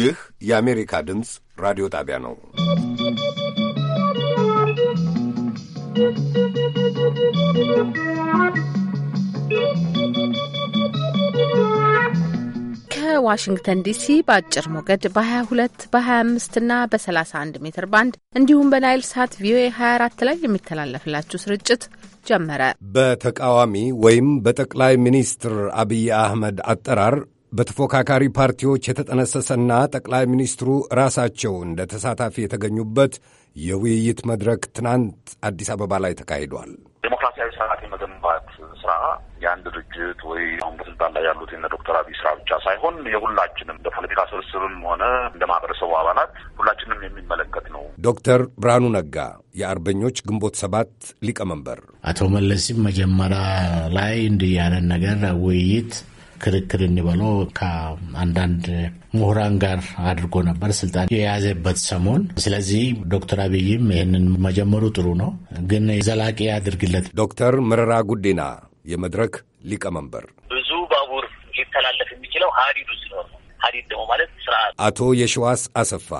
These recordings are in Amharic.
ይህ የአሜሪካ ድምፅ ራዲዮ ጣቢያ ነው። ከዋሽንግተን ዲሲ በአጭር ሞገድ በ22 በ25 እና በ31 ሜትር ባንድ እንዲሁም በናይል ሳት ቪኦኤ 24 ላይ የሚተላለፍላችሁ ስርጭት ጀመረ። በተቃዋሚ ወይም በጠቅላይ ሚኒስትር አብይ አህመድ አጠራር በተፎካካሪ ፓርቲዎች የተጠነሰሰና ጠቅላይ ሚኒስትሩ ራሳቸው እንደ ተሳታፊ የተገኙበት የውይይት መድረክ ትናንት አዲስ አበባ ላይ ተካሂዷል። ዴሞክራሲያዊ ስርዓት የመገንባት ስራ የአንድ ድርጅት ወይ አሁን በስልጣን ላይ ያሉት የነ ዶክተር አብይ ስራ ብቻ ሳይሆን የሁላችንም እንደ ፖለቲካ ስብስብም ሆነ እንደ ማህበረሰቡ አባላት ሁላችንም የሚመለከት ነው። ዶክተር ብርሃኑ ነጋ የአርበኞች ግንቦት ሰባት ሊቀመንበር አቶ መለስም መጀመሪያ ላይ እንዲያለን ነገር ውይይት ክርክር እንበለው ከአንዳንድ ምሁራን ጋር አድርጎ ነበር ስልጣን የያዘበት ሰሞን። ስለዚህ ዶክተር አብይም ይህንን መጀመሩ ጥሩ ነው፣ ግን ዘላቂ ያድርግለት። ዶክተር መረራ ጉዲና የመድረክ ሊቀመንበር ብዙ ባቡር ሊተላለፍ የሚችለው ሀዲዱ ሲኖር ነው። ሀዲድ ደግሞ ማለት ስርዓት። አቶ የሸዋስ አሰፋ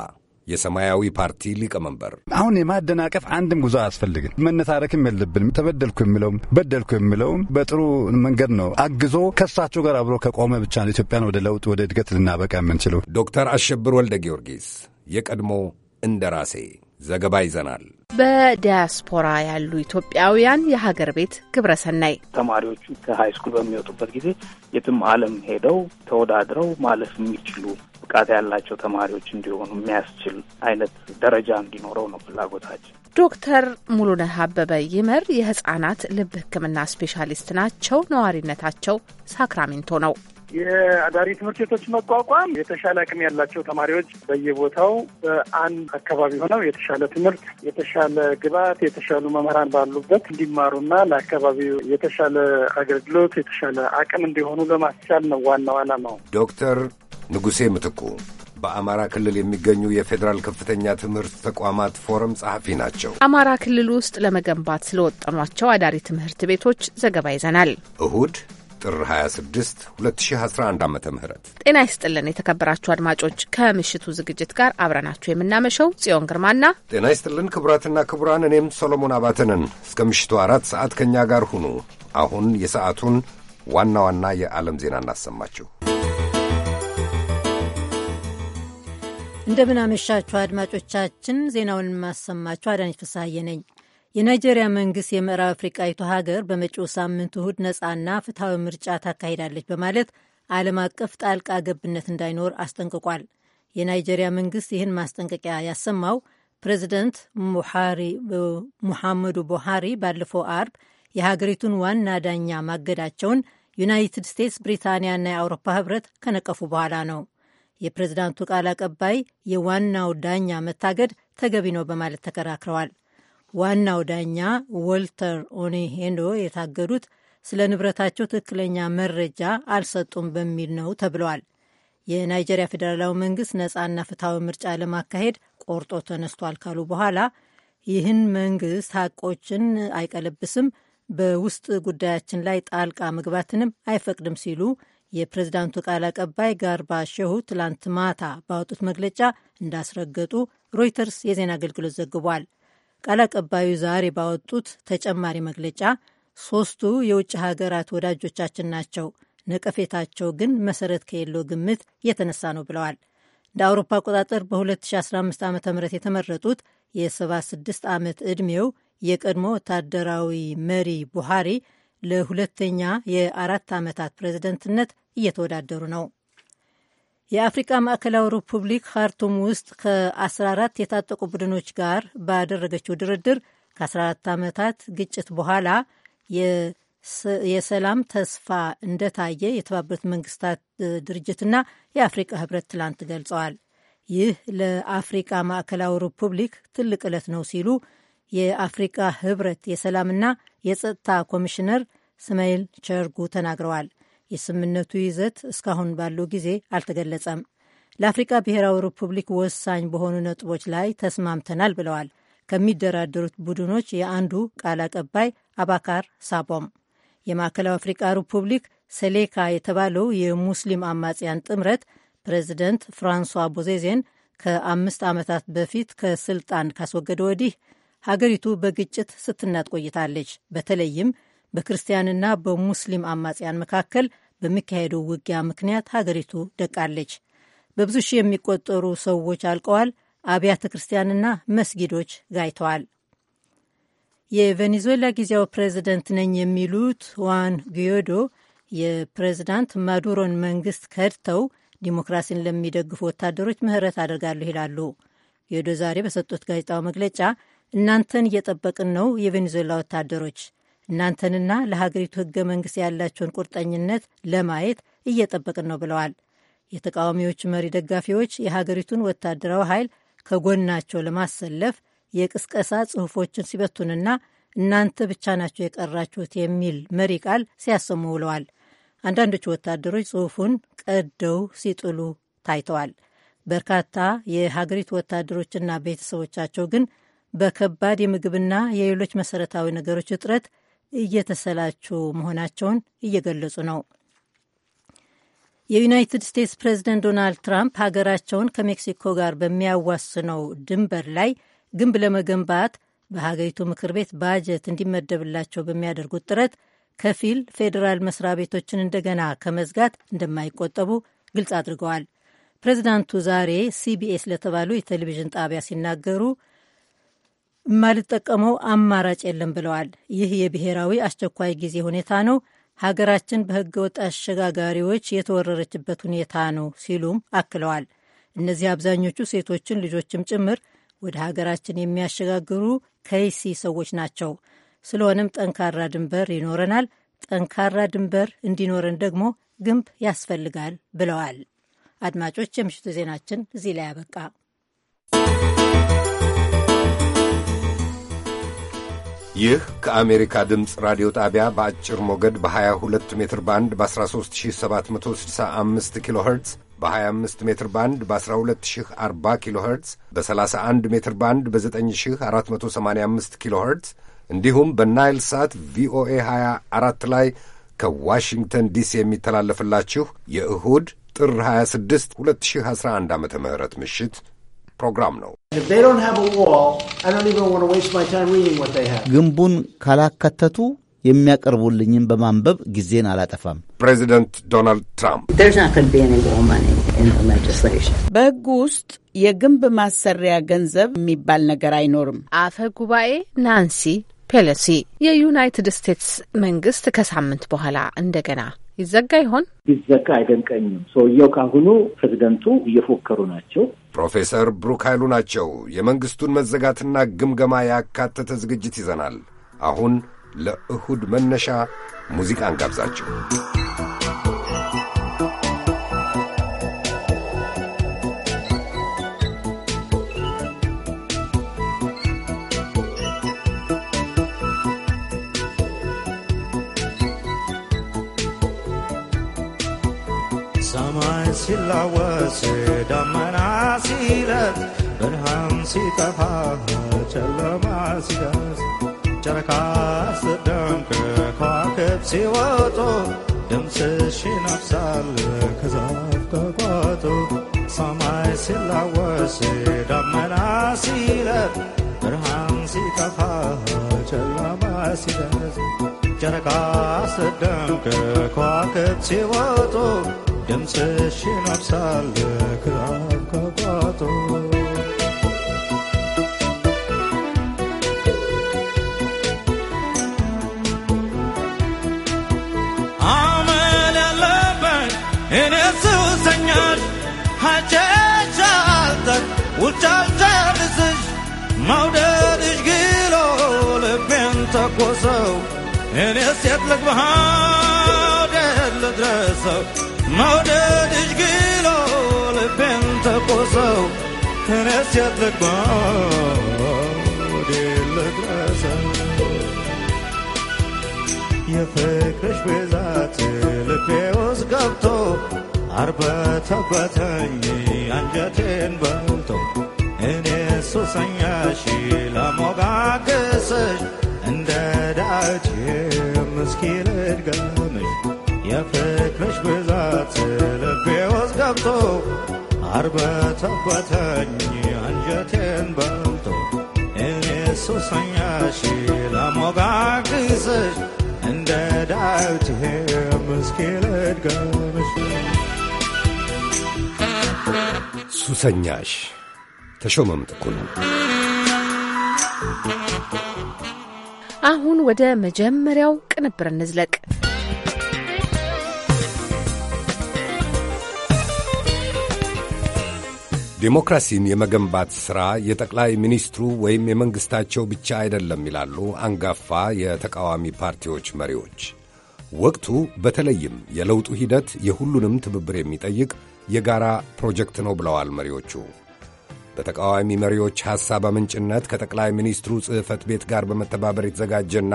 የሰማያዊ ፓርቲ ሊቀመንበር። አሁን የማደናቀፍ አንድም ጉዞ አያስፈልግም፣ መነታረክም የለብንም። ተበደልኩ የሚለውም በደልኩ የሚለውም በጥሩ መንገድ ነው አግዞ ከእሳቸው ጋር አብሮ ከቆመ ብቻ ነው ኢትዮጵያን ወደ ለውጥ ወደ እድገት ልናበቃ የምንችለው። ዶክተር አሸብር ወልደ ጊዮርጊስ የቀድሞ እንደራሴ ዘገባ ይዘናል። በዲያስፖራ ያሉ ኢትዮጵያውያን የሀገር ቤት ግብረ ሰናይ ተማሪዎቹ ከሀይ ስኩል በሚወጡበት ጊዜ የትም ዓለም ሄደው ተወዳድረው ማለፍ የሚችሉ ብቃት ያላቸው ተማሪዎች እንዲሆኑ የሚያስችል አይነት ደረጃ እንዲኖረው ነው ፍላጎታችን። ዶክተር ሙሉነህ አበበ ይመር የህጻናት ልብ ሕክምና ስፔሻሊስት ናቸው። ነዋሪነታቸው ሳክራሜንቶ ነው። የአዳሪ ትምህርት ቤቶች መቋቋም የተሻለ አቅም ያላቸው ተማሪዎች በየቦታው በአንድ አካባቢ ሆነው የተሻለ ትምህርት፣ የተሻለ ግብዓት፣ የተሻሉ መምህራን ባሉበት እንዲማሩና ለአካባቢው የተሻለ አገልግሎት፣ የተሻለ አቅም እንዲሆኑ ለማስቻል ነው ዋናው ዓላማው። ዶክተር ንጉሴ ምትኩ በአማራ ክልል የሚገኙ የፌዴራል ከፍተኛ ትምህርት ተቋማት ፎረም ጸሐፊ ናቸው። አማራ ክልል ውስጥ ለመገንባት ስለወጠኗቸው አዳሪ ትምህርት ቤቶች ዘገባ ይዘናል። እሁድ ጥር 26 2011 ዓ ም ጤና ይስጥልን የተከበራችሁ አድማጮች፣ ከምሽቱ ዝግጅት ጋር አብረናችሁ የምናመሸው ጽዮን ግርማና ጤና ይስጥልን ክቡራትና ክቡራን፣ እኔም ሰሎሞን አባተንን እስከ ምሽቱ አራት ሰዓት ከእኛ ጋር ሁኑ። አሁን የሰዓቱን ዋና ዋና የዓለም ዜና እናሰማችሁ። እንደምናመሻችሁ አድማጮቻችን። ዜናውን የማሰማችሁ አዳነች ፍስሐዬ ነኝ። የናይጄሪያ መንግስት የምዕራብ አፍሪቃዊቱ ሀገር በመጪው ሳምንት እሁድ ነፃና ፍትሐዊ ምርጫ ታካሂዳለች በማለት ዓለም አቀፍ ጣልቃ ገብነት እንዳይኖር አስጠንቅቋል። የናይጄሪያ መንግስት ይህን ማስጠንቀቂያ ያሰማው ፕሬዚደንት ሙሐመዱ ቡሃሪ ባለፈው አርብ የሀገሪቱን ዋና ዳኛ ማገዳቸውን ዩናይትድ ስቴትስ፣ ብሪታንያና የአውሮፓ ህብረት ከነቀፉ በኋላ ነው። የፕሬዚዳንቱ ቃል አቀባይ የዋናው ዳኛ መታገድ ተገቢ ነው በማለት ተከራክረዋል። ዋናው ዳኛ ወልተር ኦኔሄንዶ የታገዱት ስለ ንብረታቸው ትክክለኛ መረጃ አልሰጡም በሚል ነው ተብለዋል። የናይጀሪያ ፌዴራላዊ መንግስት ነፃና ፍትሐዊ ምርጫ ለማካሄድ ቆርጦ ተነስቷል ካሉ በኋላ ይህን መንግስት ሀቆችን አይቀለብስም፣ በውስጥ ጉዳያችን ላይ ጣልቃ መግባትንም አይፈቅድም ሲሉ የፕሬዝዳንቱ ቃል አቀባይ ጋርባ ሸሁ ትላንት ማታ ባወጡት መግለጫ እንዳስረገጡ ሮይተርስ የዜና አገልግሎት ዘግቧል። ቃል አቀባዩ ዛሬ ባወጡት ተጨማሪ መግለጫ ሶስቱ የውጭ ሀገራት ወዳጆቻችን ናቸው፣ ነቀፌታቸው ግን መሰረት ከሌለው ግምት የተነሳ ነው ብለዋል። እንደ አውሮፓ አቆጣጠር በ2015 ዓ ም የተመረጡት የ76 ዓመት ዕድሜው የቀድሞ ወታደራዊ መሪ ቡሃሪ ለሁለተኛ የአራት ዓመታት ፕሬዝደንትነት እየተወዳደሩ ነው። የአፍሪቃ ማዕከላዊ ሪፑብሊክ ካርቱም ውስጥ ከ14 የታጠቁ ቡድኖች ጋር ባደረገችው ድርድር ከ14 ዓመታት ግጭት በኋላ የሰላም ተስፋ እንደታየ የተባበሩት መንግስታት ድርጅትና የአፍሪቃ ህብረት ትላንት ገልጸዋል። ይህ ለአፍሪቃ ማዕከላዊ ሪፑብሊክ ትልቅ ዕለት ነው ሲሉ የአፍሪቃ ህብረት የሰላምና የጸጥታ ኮሚሽነር ስማኤል ቸርጉ ተናግረዋል። የስምምነቱ ይዘት እስካሁን ባለው ጊዜ አልተገለጸም። ለአፍሪካ ብሔራዊ ሪፑብሊክ ወሳኝ በሆኑ ነጥቦች ላይ ተስማምተናል ብለዋል ከሚደራደሩት ቡድኖች የአንዱ ቃል አቀባይ አባካር ሳቦም። የማዕከላዊ አፍሪካ ሪፑብሊክ ሰሌካ የተባለው የሙስሊም አማጽያን ጥምረት ፕሬዚደንት ፍራንሷ ቦዜዜን ከአምስት ዓመታት በፊት ከስልጣን ካስወገደ ወዲህ ሀገሪቱ በግጭት ስትናጥ ቆይታለች። በተለይም በክርስቲያንና በሙስሊም አማጽያን መካከል በሚካሄደው ውጊያ ምክንያት ሀገሪቱ ደቃለች። በብዙ ሺህ የሚቆጠሩ ሰዎች አልቀዋል። አብያተ ክርስቲያንና መስጊዶች ጋይተዋል። የቬኔዙዌላ ጊዜያዊ ፕሬዚደንት ነኝ የሚሉት ዋን ጊዮዶ የፕሬዚዳንት ማዱሮን መንግስት ከድተው ዲሞክራሲን ለሚደግፉ ወታደሮች ምህረት አደርጋለሁ ይላሉ። ጊዮዶ ዛሬ በሰጡት ጋዜጣዊ መግለጫ እናንተን እየጠበቅን ነው የቬኔዙዌላ ወታደሮች እናንተንና ለሀገሪቱ ህገ መንግስት ያላቸውን ቁርጠኝነት ለማየት እየጠበቅን ነው ብለዋል። የተቃዋሚዎች መሪ ደጋፊዎች የሀገሪቱን ወታደራዊ ኃይል ከጎናቸው ለማሰለፍ የቅስቀሳ ጽሁፎችን ሲበቱንና እናንተ ብቻ ናቸው የቀራችሁት የሚል መሪ ቃል ሲያሰሙ ውለዋል። አንዳንዶቹ ወታደሮች ጽሁፉን ቀደው ሲጥሉ ታይተዋል። በርካታ የሀገሪቱ ወታደሮችና ቤተሰቦቻቸው ግን በከባድ የምግብና የሌሎች መሰረታዊ ነገሮች እጥረት እየተሰላቹ መሆናቸውን እየገለጹ ነው። የዩናይትድ ስቴትስ ፕሬዚደንት ዶናልድ ትራምፕ ሀገራቸውን ከሜክሲኮ ጋር በሚያዋስነው ድንበር ላይ ግንብ ለመገንባት በሀገሪቱ ምክር ቤት ባጀት እንዲመደብላቸው በሚያደርጉት ጥረት ከፊል ፌዴራል መስሪያ ቤቶችን እንደገና ከመዝጋት እንደማይቆጠቡ ግልጽ አድርገዋል። ፕሬዚዳንቱ ዛሬ ሲቢኤስ ለተባሉ የቴሌቪዥን ጣቢያ ሲናገሩ የማልጠቀመው አማራጭ የለም ብለዋል። ይህ የብሔራዊ አስቸኳይ ጊዜ ሁኔታ ነው፣ ሀገራችን በህገወጥ አሸጋጋሪዎች የተወረረችበት ሁኔታ ነው ሲሉም አክለዋል። እነዚህ አብዛኞቹ ሴቶችን ልጆችም ጭምር ወደ ሀገራችን የሚያሸጋግሩ ከይሲ ሰዎች ናቸው። ስለሆነም ጠንካራ ድንበር ይኖረናል። ጠንካራ ድንበር እንዲኖረን ደግሞ ግንብ ያስፈልጋል ብለዋል። አድማጮች፣ የምሽቱ ዜናችን እዚህ ላይ አበቃ። ይህ ከአሜሪካ ድምፅ ራዲዮ ጣቢያ በአጭር ሞገድ በ22 ሜትር ባንድ በ13765 ኪሎ ኸርትዝ በ25 ሜትር ባንድ በ1240 ኪሎ ኸርትዝ በ31 ሜትር ባንድ በ9485 ኪሎ ኸርትዝ እንዲሁም በናይል ሳት ቪኦኤ 24 ላይ ከዋሽንግተን ዲሲ የሚተላለፍላችሁ የእሁድ ጥር 26 2011 ዓ ም ምሽት ፕሮግራም ነው። ግንቡን ካላከተቱ የሚያቀርቡልኝም በማንበብ ጊዜን አላጠፋም። ፕሬዚደንት ዶናልድ ትራምፕ በሕጉ ውስጥ የግንብ ማሰሪያ ገንዘብ የሚባል ነገር አይኖርም። አፈ ጉባኤ ናንሲ ፔሎሲ የዩናይትድ ስቴትስ መንግስት ከሳምንት በኋላ እንደገና ይዘጋ ይሆን? ይዘጋ አይደንቀኝም። ሰውየው ካሁኑ ፕሬዚደንቱ እየፎከሩ ናቸው። ፕሮፌሰር ብሩክ ኃይሉ ናቸው። የመንግስቱን መዘጋትና ግምገማ ያካተተ ዝግጅት ይዘናል። አሁን ለእሁድ መነሻ ሙዚቃ እንጋብዛቸው። ሲላወስ ደመና ሲረጥ ብርሃን ሲጠፋ ጨለማ ሲደርስ ጨረቃ ስትደምቅ ከዋክብት ሲወጡ ድምፅሽ ይነፍሳል ከዛፍ ከቋጡ ሰማይ ሲላወስ ደመና ሲረጥ ብርሃን ሲጠፋ ጨለማ ሲደርስ ጨረቃ ስትደምቅ ከዋክብት ሲወጡ ድምፅሽን አብሳልክ ኣብ ከቋቶ አመን ያለበት እኔ ስውሰኛል ሀጨቻልተን ውጫልተብስሽ መውደድሽ ግሎ ልቤን ተኮሰው እኔ ሴት ልግባሃ ደል ድረሰው መውደድሽ ግሎ ልቤን ተቆሰው እኔስ የት ልድረሰው የፍቅርሽ ብዛት ልቤ ውስጥ ገብቶ አርበተበተኝ አንጀቴን በልቶ እኔ ሱሰኛሽ ለሞጋገስሽ እንደ ዳጅ ምስኪ ልድገምሽ የፍቅርሽ ቃላት ልቤ ውስጥ ገብቶ አርበተበተኝ አንጀቴን በልቶ እኔ ሱሰኛሽ ላሞጋግስሽ እንደ ዳዊት ሱሰኛሽ ተሾመም ጥቁል አሁን ወደ መጀመሪያው ቅንብር እንዝለቅ። ዴሞክራሲን የመገንባት ሥራ የጠቅላይ ሚኒስትሩ ወይም የመንግሥታቸው ብቻ አይደለም ይላሉ አንጋፋ የተቃዋሚ ፓርቲዎች መሪዎች። ወቅቱ በተለይም የለውጡ ሂደት የሁሉንም ትብብር የሚጠይቅ የጋራ ፕሮጀክት ነው ብለዋል መሪዎቹ። በተቃዋሚ መሪዎች ሐሳብ አመንጭነት ከጠቅላይ ሚኒስትሩ ጽሕፈት ቤት ጋር በመተባበር የተዘጋጀና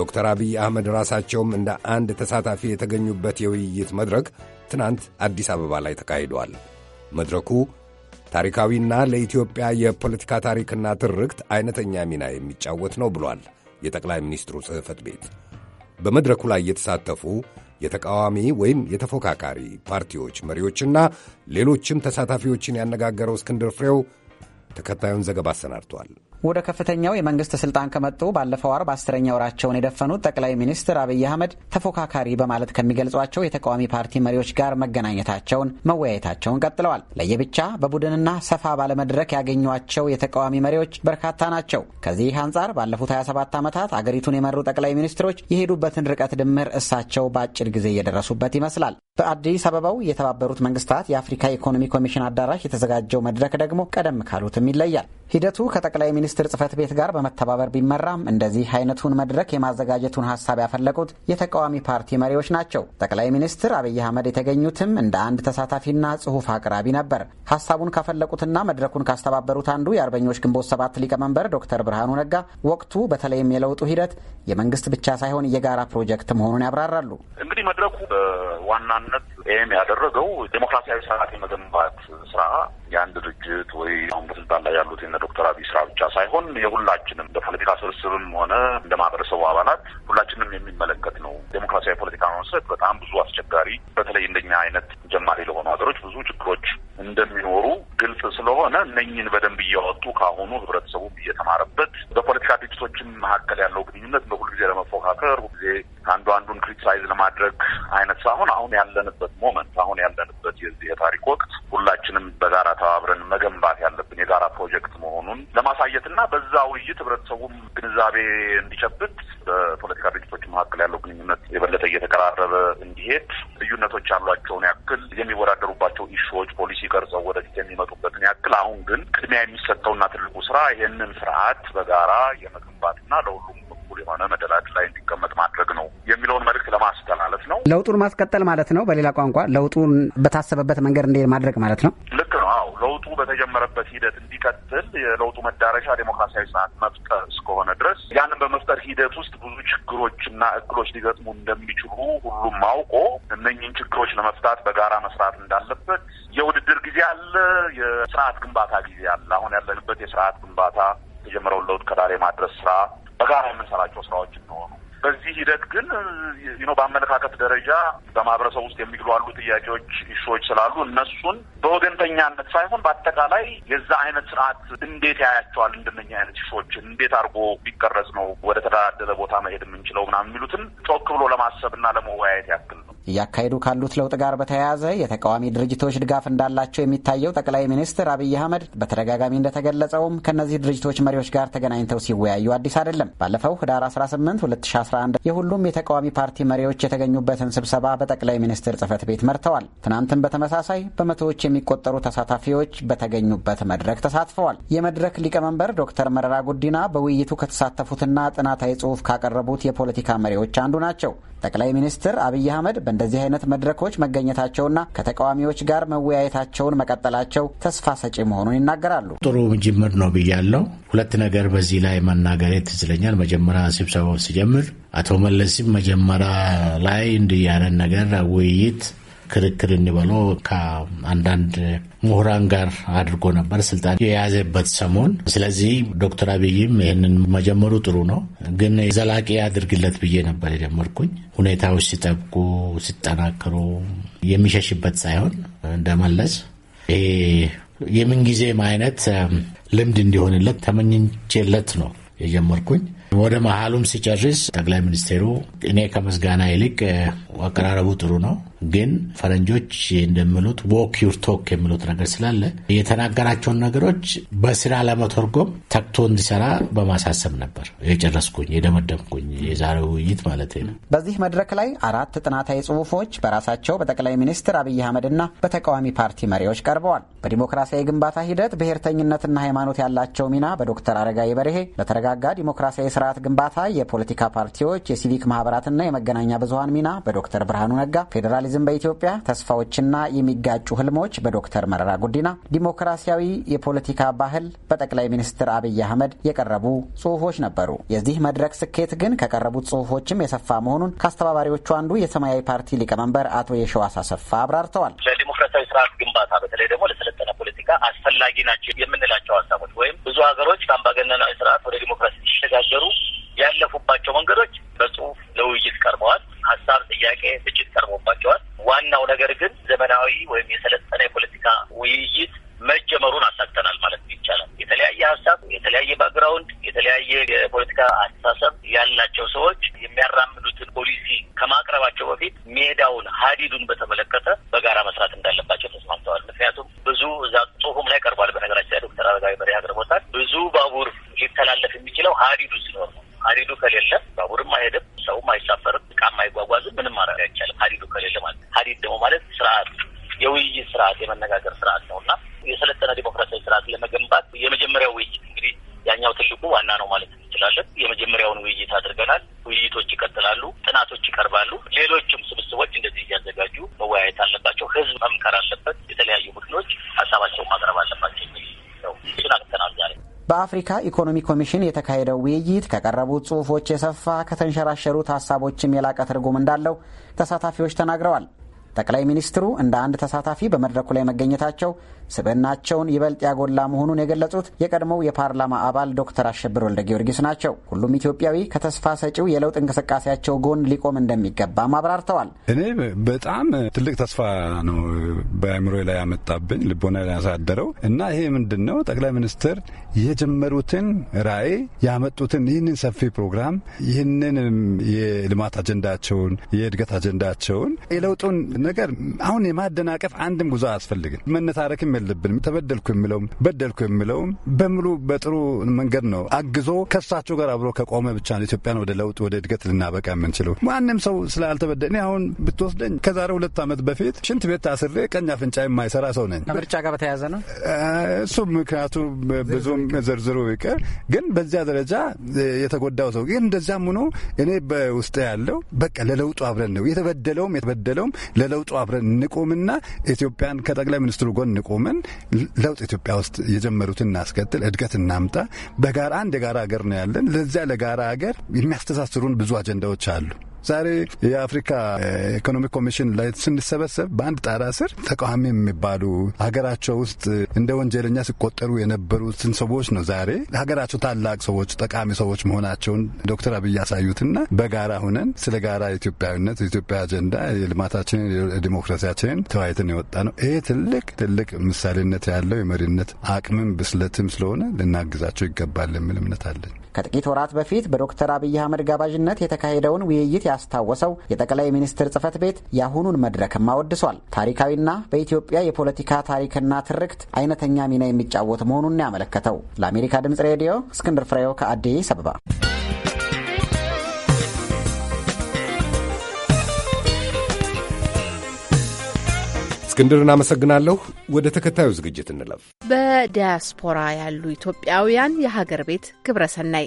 ዶክተር አብይ አህመድ ራሳቸውም እንደ አንድ ተሳታፊ የተገኙበት የውይይት መድረክ ትናንት አዲስ አበባ ላይ ተካሂዷል። መድረኩ ታሪካዊና ለኢትዮጵያ የፖለቲካ ታሪክና ትርክት አይነተኛ ሚና የሚጫወት ነው ብሏል የጠቅላይ ሚኒስትሩ ጽሕፈት ቤት። በመድረኩ ላይ የተሳተፉ የተቃዋሚ ወይም የተፎካካሪ ፓርቲዎች መሪዎችና ሌሎችም ተሳታፊዎችን ያነጋገረው እስክንድር ፍሬው ተከታዩን ዘገባ አሰናድቷል። ወደ ከፍተኛው የመንግስት ስልጣን ከመጡ ባለፈው አርብ አስረኛ ወራቸውን የደፈኑት ጠቅላይ ሚኒስትር አብይ አህመድ ተፎካካሪ በማለት ከሚገልጿቸው የተቃዋሚ ፓርቲ መሪዎች ጋር መገናኘታቸውን፣ መወያየታቸውን ቀጥለዋል። ለየብቻ በቡድንና ሰፋ ባለመድረክ ያገኟቸው የተቃዋሚ መሪዎች በርካታ ናቸው። ከዚህ አንጻር ባለፉት 27 ዓመታት አገሪቱን የመሩ ጠቅላይ ሚኒስትሮች የሄዱበትን ርቀት ድምር እሳቸው በአጭር ጊዜ እየደረሱበት ይመስላል። በአዲስ አበባው የተባበሩት መንግስታት የአፍሪካ ኢኮኖሚ ኮሚሽን አዳራሽ የተዘጋጀው መድረክ ደግሞ ቀደም ካሉትም ይለያል። ሂደቱ ከጠቅላይ ሚኒስ ሚኒስትር ጽህፈት ቤት ጋር በመተባበር ቢመራም እንደዚህ አይነቱን መድረክ የማዘጋጀቱን ሀሳብ ያፈለቁት የተቃዋሚ ፓርቲ መሪዎች ናቸው። ጠቅላይ ሚኒስትር አብይ አህመድ የተገኙትም እንደ አንድ ተሳታፊና ጽሁፍ አቅራቢ ነበር። ሀሳቡን ካፈለቁትና መድረኩን ካስተባበሩት አንዱ የአርበኞች ግንቦት ሰባት ሊቀመንበር ዶክተር ብርሃኑ ነጋ ወቅቱ በተለይም የለውጡ ሂደት የመንግስት ብቻ ሳይሆን የጋራ ፕሮጀክት መሆኑን ያብራራሉ። እንግዲህ መድረኩ በዋናነት ኤም ያደረገው ዴሞክራሲያዊ ስርዓት የመገንባት ስራ የአንድ ድርጅት ወይ አሁን በስልጣን ላይ ያሉት እነ ዶክተር አብይ ስራ ብቻ ሳይሆን የሁላችንም በፖለቲካ ስብስብም ሆነ እንደ ማህበረሰቡ አባላት ሁላችንም የሚመለከት ነው። ዴሞክራሲያዊ ፖለቲካ መመስረት በጣም ብዙ አስቸጋሪ፣ በተለይ እንደኛ አይነት ጀማሪ ለሆኑ ሀገሮች ብዙ ችግሮች እንደሚኖሩ ግልጽ ስለሆነ እነኝን በደንብ እያወጡ ከአሁኑ ህብረተሰቡ እየተማረበት በፖለቲካ ድርጅቶችም መካከል ያለው ግንኙነት ሁልጊዜ ለመፎካከር ሁልጊዜ አንዱ አንዱን ክሪቲሳይዝ ለማድረግ አይነት ሳይሆን አሁን ያለንበት ሞመንት አሁን ያለንበት የዚህ የታሪክ ወቅት ሁላችንም በጋራ ተባብረን መገንባት ያለብን የጋራ ፕሮጀክት መሆኑን ለማሳየት በዛ ውይይት ህብረተሰቡም ግንዛቤ እንዲጨብጥ በፖለቲካ ድርጅቶች መካከል ያለው ግንኙነት የበለጠ እየተቀራረበ እንዲሄድ ልዩነቶች ያሏቸውን ያክል የሚወዳደሩባቸው ኢሹዎች ፖሊሲ ሲቀርጸው ወደፊት የሚመጡበትን ያክል አሁን ግን ቅድሚያ የሚሰጠውና ትልቁ ስራ ይህንን ስርዓት በጋራ የመገንባትና ለሁሉም እኩል የሆነ መደላድ ላይ እንዲቀመጥ ማድረግ ነው የሚለውን መልእክት ለማስተላለፍ ነው። ለውጡን ማስቀጠል ማለት ነው። በሌላ ቋንቋ ለውጡን በታሰበበት መንገድ እንዲሄድ ማድረግ ማለት ነው። በተጀመረበት ሂደት እንዲቀጥል የለውጡ መዳረሻ ዴሞክራሲያዊ ስርዓት መፍጠር እስከሆነ ድረስ ያንን በመፍጠር ሂደት ውስጥ ብዙ ችግሮችና እክሎች ሊገጥሙ እንደሚችሉ ሁሉም አውቆ እነኝን ችግሮች ለመፍታት በጋራ መስራት እንዳለበት የውድድር ጊዜ አለ፣ የስርዓት ግንባታ ጊዜ አለ። አሁን ያለንበት የስርዓት ግንባታ የተጀመረውን ለውጥ ከዳር የማድረስ ስራ በጋራ የምንሰራቸው ስራዎች እንደሆኑ በዚህ ሂደት ግን ዩኖ በአመለካከት ደረጃ በማህበረሰብ ውስጥ የሚግሉ አሉ ጥያቄዎች፣ ኢሹዎች ስላሉ እነሱን በወገንተኛነት ሳይሆን በአጠቃላይ የዛ አይነት ስርዓት እንዴት ያያቸዋል እንደነኛ አይነት ኢሹዎች እንዴት አድርጎ ቢቀረጽ ነው ወደ ተደላደለ ቦታ መሄድ የምንችለው ምናምን የሚሉትን ጮክ ብሎ ለማሰብ እና ለመወያየት ያክል ነው። እያካሄዱ ካሉት ለውጥ ጋር በተያያዘ የተቃዋሚ ድርጅቶች ድጋፍ እንዳላቸው የሚታየው ጠቅላይ ሚኒስትር አብይ አህመድ በተደጋጋሚ እንደተገለጸውም ከእነዚህ ድርጅቶች መሪዎች ጋር ተገናኝተው ሲወያዩ አዲስ አይደለም። ባለፈው ህዳር 18 2011 የሁሉም የተቃዋሚ ፓርቲ መሪዎች የተገኙበትን ስብሰባ በጠቅላይ ሚኒስትር ጽህፈት ቤት መርተዋል። ትናንትም በተመሳሳይ በመቶዎች የሚቆጠሩ ተሳታፊዎች በተገኙበት መድረክ ተሳትፈዋል። የመድረክ ሊቀመንበር ዶክተር መረራ ጉዲና በውይይቱ ከተሳተፉትና ጥናታዊ ጽሑፍ ካቀረቡት የፖለቲካ መሪዎች አንዱ ናቸው። ጠቅላይ ሚኒስትር አብይ አህመድ በእንደዚህ አይነት መድረኮች መገኘታቸውና ከተቃዋሚዎች ጋር መወያየታቸውን መቀጠላቸው ተስፋ ሰጪ መሆኑን ይናገራሉ። ጥሩ ጅምር ነው ብያለው። ሁለት ነገር በዚህ ላይ መናገሬ ትዝ ይለኛል። መጀመሪያ ስብሰባው ሲጀምር አቶ መለስም መጀመሪያ ላይ እንዲህ ያለን ነገር ውይይት ክርክር እንበለው ከአንዳንድ ምሁራን ጋር አድርጎ ነበር ስልጣን የያዘበት ሰሞን። ስለዚህ ዶክተር አብይም ይህንን መጀመሩ ጥሩ ነው፣ ግን ዘላቂ አድርግለት ብዬ ነበር የጀመርኩኝ። ሁኔታዎች ሲጠብቁ ሲጠናከሩ የሚሸሽበት ሳይሆን እንደመለስ ይሄ የምንጊዜም አይነት ልምድ እንዲሆንለት ተመኝቼለት ነው የጀመርኩኝ። ወደ መሀሉም ሲጨርስ ጠቅላይ ሚኒስቴሩ እኔ ከምስጋና ይልቅ አቀራረቡ ጥሩ ነው ግን ፈረንጆች እንደሚሉት ዎክ ዩር ቶክ የሚሉት ነገር ስላለ የተናገራቸውን ነገሮች በስራ ለመተርጎም ተክቶ እንዲሰራ በማሳሰብ ነበር የጨረስኩኝ የደመደምኩኝ የዛሬ ውይይት ማለት ነው። በዚህ መድረክ ላይ አራት ጥናታዊ ጽሁፎች በራሳቸው በጠቅላይ ሚኒስትር አብይ አህመድና በተቃዋሚ ፓርቲ መሪዎች ቀርበዋል። በዲሞክራሲያዊ ግንባታ ሂደት ብሔርተኝነትና ሃይማኖት ያላቸው ሚና በዶክተር አረጋይ በርሄ፣ ለተረጋጋ ዲሞክራሲያዊ ስርዓት ግንባታ የፖለቲካ ፓርቲዎች፣ የሲቪክ ማህበራትና የመገናኛ ብዙሀን ሚና በዶክተር ብርሃኑ ነጋ፣ ፌዴራሊዝም ፌዴራሊዝም በኢትዮጵያ ተስፋዎችና የሚጋጩ ህልሞች በዶክተር መረራ ጉዲና፣ ዲሞክራሲያዊ የፖለቲካ ባህል በጠቅላይ ሚኒስትር አብይ አህመድ የቀረቡ ጽሁፎች ነበሩ። የዚህ መድረክ ስኬት ግን ከቀረቡት ጽሁፎችም የሰፋ መሆኑን ከአስተባባሪዎቹ አንዱ የሰማያዊ ፓርቲ ሊቀመንበር አቶ የሸዋስ አሰፋ አብራርተዋል። ለዲሞክራሲያዊ ስርዓት ግንባታ በተለይ ደግሞ ለሰለጠነ ፖለቲካ አስፈላጊ ናቸው የምንላቸው ሀሳቦች ወይም ብዙ ሀገሮች ከአምባገነናዊ ስርዓት ወደ ዲሞክራሲ ሲሸጋገሩ ያለፉባቸው መንገዶች በጽሁፍ ለውይይት ቀርበዋል። ሀሳብ፣ ጥያቄ፣ ትችት ቀርቦባቸዋል። ዋናው ነገር ግን ዘመናዊ ወይም የሰለጠነ የፖለቲካ ውይይት መጀመሩን አሳግተናል ማለት ይቻላል። የተለያየ ሀሳብ፣ የተለያየ ባክግራውንድ፣ የተለያየ የፖለቲካ አስተሳሰብ ያላቸው ሰዎች የሚያራምዱትን ፖሊሲ ከማቅረባቸው በፊት ሜዳውን ሀዲዱን በተመለከተ በጋራ መስራት እንዳለባቸው ተስማምተዋል። ምክንያቱም ብዙ እዛ ጽሁፉም ላይ ቀርቧል። በነገራችን ላይ ዶክተር አረጋዊ በርሄ አቅርቦታል። ብዙ ባቡር ሊተላለፍ የሚችለው ሀዲዱ ሲኖር ነው። ሀዲዱ ከሌለ ባቡርም አይሄድም፣ ሰውም አይሳፈርም፣ እቃም አይጓጓዝም፣ ምንም ማድረግ አይቻልም። ሀዲዱ ከሌለ ማለት ሀዲድ ደግሞ ማለት ስርዓት፣ የውይይት ስርዓት፣ የመነጋገር ስርዓት ነው እና የሰለጠነ ዲሞክራሲያዊ ስርዓት ለመገንባት የመጀመሪያው ውይይት እንግዲህ ያኛው ትልቁ ዋና ነው ማለት እንችላለን። የመጀመሪያውን ውይይት አድርገናል። ውይይቶች ይቀጥላሉ፣ ጥናቶች ይቀርባሉ። ሌሎችም ስብስቦች እንደዚህ እያዘጋጁ መወያየት አለባቸው። ህዝብ መምከር አለበት። የተለያዩ ቡድኖች በአፍሪካ ኢኮኖሚ ኮሚሽን የተካሄደው ውይይት ከቀረቡት ጽሁፎች የሰፋ ከተንሸራሸሩት ሀሳቦችም የላቀ ትርጉም እንዳለው ተሳታፊዎች ተናግረዋል። ጠቅላይ ሚኒስትሩ እንደ አንድ ተሳታፊ በመድረኩ ላይ መገኘታቸው ስብዕናቸውን ይበልጥ ያጎላ መሆኑን የገለጹት የቀድሞው የፓርላማ አባል ዶክተር አሸብር ወልደ ጊዮርጊስ ናቸው። ሁሉም ኢትዮጵያዊ ከተስፋ ሰጪው የለውጥ እንቅስቃሴያቸው ጎን ሊቆም እንደሚገባም አብራርተዋል። እኔ በጣም ትልቅ ተስፋ ነው በአእምሮ ላይ ያመጣብኝ ልቦና ያሳደረው እና ይሄ ምንድን ነው ጠቅላይ ሚኒስትር የጀመሩትን ራዕይ ያመጡትን ይህንን ሰፊ ፕሮግራም ይህንን የልማት አጀንዳቸውን የእድገት አጀንዳቸውን የለውጡን ነገር አሁን የማደናቀፍ አንድም ጉዞ አያስፈልግም መነታረክም መሸከም የለብንም። ተበደልኩ የሚለውም በደልኩ የሚለውም በሙሉ በጥሩ መንገድ ነው አግዞ ከሳቸው ጋር አብሮ ከቆመ ብቻ ነው ኢትዮጵያን ወደ ለውጥ ወደ እድገት ልናበቃ የምንችለው። ማንም ሰው ስላልተበደ እኔ አሁን ብትወስደኝ ከዛሬ ሁለት ዓመት በፊት ሽንት ቤት ታስሬ ቀኝ አፍንጫ የማይሰራ ሰው ነኝ። ምርጫ ጋር በተያያዘ ነው እሱ ምክንያቱ ብዙም ዝርዝሩ ይቀር፣ ግን በዚያ ደረጃ የተጎዳው ሰው ግን እንደዚያም ሆኖ እኔ በውስጥ ያለው በቃ ለለውጡ አብረን ነው የተበደለውም የተበደለውም ለለውጡ አብረን እንቁምና ኢትዮጵያን ከጠቅላይ ሚኒስትሩ ጎን እንቁም ተስማምተን ለውጥ ኢትዮጵያ ውስጥ የጀመሩትን እናስቀጥል፣ እድገት እናምጣ። በጋራ አንድ የጋራ ሀገር ነው ያለን። ለዚያ ለጋራ ሀገር የሚያስተሳስሩን ብዙ አጀንዳዎች አሉ። ዛሬ የአፍሪካ ኢኮኖሚክ ኮሚሽን ላይ ስንሰበሰብ በአንድ ጣራ ስር ተቃዋሚ የሚባሉ ሀገራቸው ውስጥ እንደ ወንጀለኛ ሲቆጠሩ የነበሩትን ሰዎች ነው ዛሬ ሀገራቸው ታላቅ ሰዎች፣ ጠቃሚ ሰዎች መሆናቸውን ዶክተር አብይ ያሳዩትና በጋራ ሁነን ስለ ጋራ ኢትዮጵያዊነት፣ የኢትዮጵያ አጀንዳ፣ የልማታችንን፣ የዲሞክራሲያችንን ተወያይተን የወጣ ነው። ይሄ ትልቅ ትልቅ ምሳሌነት ያለው የመሪነት አቅምም ብስለትም ስለሆነ ልናግዛቸው ይገባል የሚል እምነት አለን። ከጥቂት ወራት በፊት በዶክተር አብይ አህመድ ጋባዥነት የተካሄደውን ውይይት ያስታወሰው የጠቅላይ ሚኒስትር ጽህፈት ቤት የአሁኑን መድረክም አወድሷል። ታሪካዊና በኢትዮጵያ የፖለቲካ ታሪክና ትርክት አይነተኛ ሚና የሚጫወት መሆኑን ያመለከተው ለአሜሪካ ድምጽ ሬዲዮ እስክንድር ፍሬው ከአዲስ አበባ እስክንድር እናመሰግናለሁ። ወደ ተከታዩ ዝግጅት እንለፍ። በዲያስፖራ ያሉ ኢትዮጵያውያን የሀገር ቤት ግብረሰናይ ሰናይ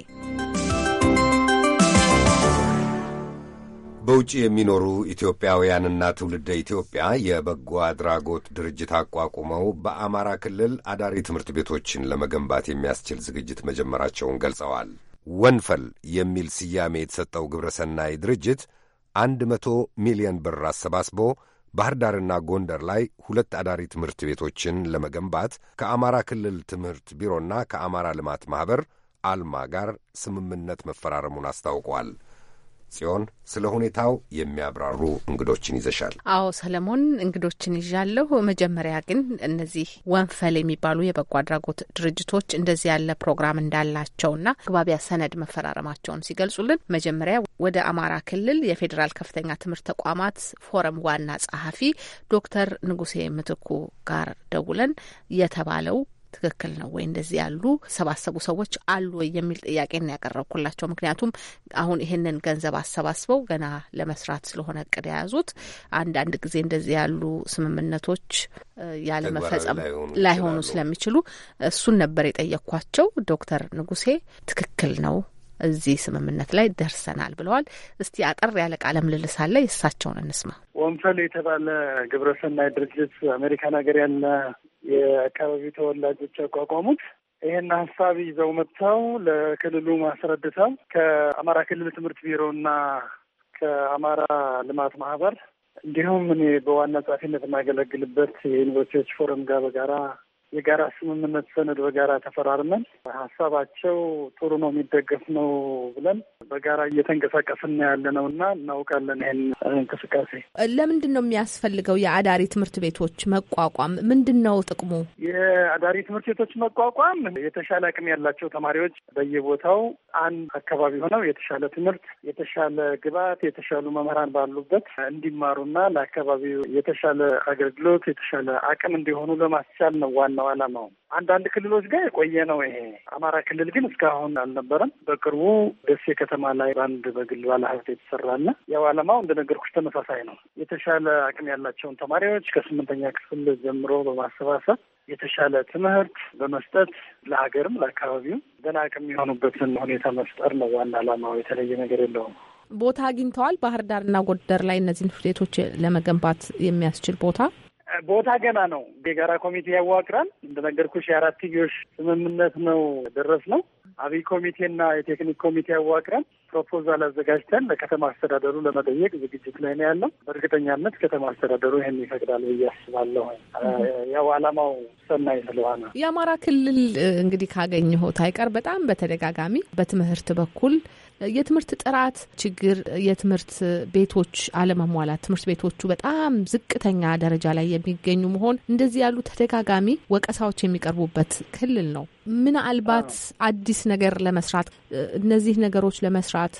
በውጭ የሚኖሩ ኢትዮጵያውያንና ትውልደ ኢትዮጵያ የበጎ አድራጎት ድርጅት አቋቁመው በአማራ ክልል አዳሪ ትምህርት ቤቶችን ለመገንባት የሚያስችል ዝግጅት መጀመራቸውን ገልጸዋል። ወንፈል የሚል ስያሜ የተሰጠው ግብረ ሰናይ ድርጅት አንድ መቶ ሚሊዮን ብር አሰባስቦ ባህር ዳርና ጎንደር ላይ ሁለት አዳሪ ትምህርት ቤቶችን ለመገንባት ከአማራ ክልል ትምህርት ቢሮና ከአማራ ልማት ማኅበር አልማ ጋር ስምምነት መፈራረሙን አስታውቋል። ጽዮን ስለ ሁኔታው የሚያብራሩ እንግዶችን ይዘሻል። አዎ ሰለሞን፣ እንግዶችን ይዣለሁ። መጀመሪያ ግን እነዚህ ወንፈል የሚባሉ የበጎ አድራጎት ድርጅቶች እንደዚህ ያለ ፕሮግራም እንዳላቸውና ግባቢያ ሰነድ መፈራረማቸውን ሲገልጹልን መጀመሪያ ወደ አማራ ክልል የፌዴራል ከፍተኛ ትምህርት ተቋማት ፎረም ዋና ጸሐፊ ዶክተር ንጉሴ ምትኩ ጋር ደውለን የተባለው ትክክል ነው ወይ እንደዚህ ያሉ ሰባሰቡ ሰዎች አሉ ወይ የሚል ጥያቄና ያቀረብኩላቸው። ምክንያቱም አሁን ይህንን ገንዘብ አሰባስበው ገና ለመስራት ስለሆነ እቅድ የያዙት አንዳንድ ጊዜ እንደዚህ ያሉ ስምምነቶች ያለመፈጸም ላይሆኑ ስለሚችሉ እሱን ነበር የጠየኳቸው። ዶክተር ንጉሴ ትክክል ነው እዚህ ስምምነት ላይ ደርሰናል ብለዋል። እስቲ አጠር ያለ ቃለ ምልልስ አለ፣ የእሳቸውን እንስማ። ወንፈል የተባለ ግብረሰናይ ድርጅት አሜሪካን ሀገር ያለ የአካባቢው ተወላጆች ያቋቋሙት ይህን ሀሳብ ይዘው መጥተው ለክልሉ ማስረድተው ከአማራ ክልል ትምህርት ቢሮና ከአማራ ልማት ማህበር እንዲሁም እኔ በዋና ጸሐፊነት የማገለግልበት የዩኒቨርሲቲዎች ፎረም ጋር በጋራ የጋራ ስምምነት ሰነድ በጋራ ተፈራርመን ሀሳባቸው ጥሩ ነው የሚደገፍ ነው ብለን በጋራ እየተንቀሳቀስን ያለ ነው እና እናውቃለን ይህን እንቅስቃሴ። ለምንድን ነው የሚያስፈልገው የአዳሪ ትምህርት ቤቶች መቋቋም? ምንድን ነው ጥቅሙ? የአዳሪ ትምህርት ቤቶች መቋቋም የተሻለ አቅም ያላቸው ተማሪዎች በየቦታው አንድ አካባቢ ሆነው የተሻለ ትምህርት፣ የተሻለ ግብዓት፣ የተሻሉ መምህራን ባሉበት እንዲማሩና ለአካባቢው የተሻለ አገልግሎት፣ የተሻለ አቅም እንዲሆኑ ለማስቻል ነው ዋና ነው አንዳንድ ክልሎች ጋር የቆየ ነው ይሄ። አማራ ክልል ግን እስካሁን አልነበረም። በቅርቡ ደሴ ከተማ ላይ በአንድ በግል ባለሀብት የተሰራና ያው ዓላማው እንደነገርኩሽ ተመሳሳይ ነው። የተሻለ አቅም ያላቸውን ተማሪዎች ከስምንተኛ ክፍል ጀምሮ በማሰባሰብ የተሻለ ትምህርት በመስጠት ለሀገርም ለአካባቢው ደህና አቅም የሚሆኑበትን ሁኔታ መፍጠር ነው ዋና አላማው። የተለየ ነገር የለውም። ቦታ አግኝተዋል። ባህር ዳርና ጎደር ላይ እነዚህን ቤቶች ለመገንባት የሚያስችል ቦታ ቦታ ገና ነው። የጋራ ኮሚቴ ያዋቅራል። እንደነገርኩሽ የአራትዮሽ ስምምነት ነው ደረስ ነው። አብይ ኮሚቴና የቴክኒክ ኮሚቴ ያዋቅራል። ፕሮፖዛል አዘጋጅተን ለከተማ አስተዳደሩ ለመጠየቅ ዝግጅት ላይ ነው ያለው። በእርግጠኛነት ከተማ አስተዳደሩ ይህን ይፈቅዳል ብዬ አስባለሁ። ያው አላማው ሰናይ ስለሆነ የአማራ ክልል እንግዲህ ካገኘሁት አይቀር በጣም በተደጋጋሚ በትምህርት በኩል የትምህርት ጥራት ችግር፣ የትምህርት ቤቶች አለመሟላት፣ ትምህርት ቤቶቹ በጣም ዝቅተኛ ደረጃ ላይ የሚገኙ መሆን፣ እንደዚህ ያሉ ተደጋጋሚ ወቀሳዎች የሚቀርቡበት ክልል ነው። ምናልባት አዲስ ነገር ለመስራት እነዚህ ነገሮች ለመስራት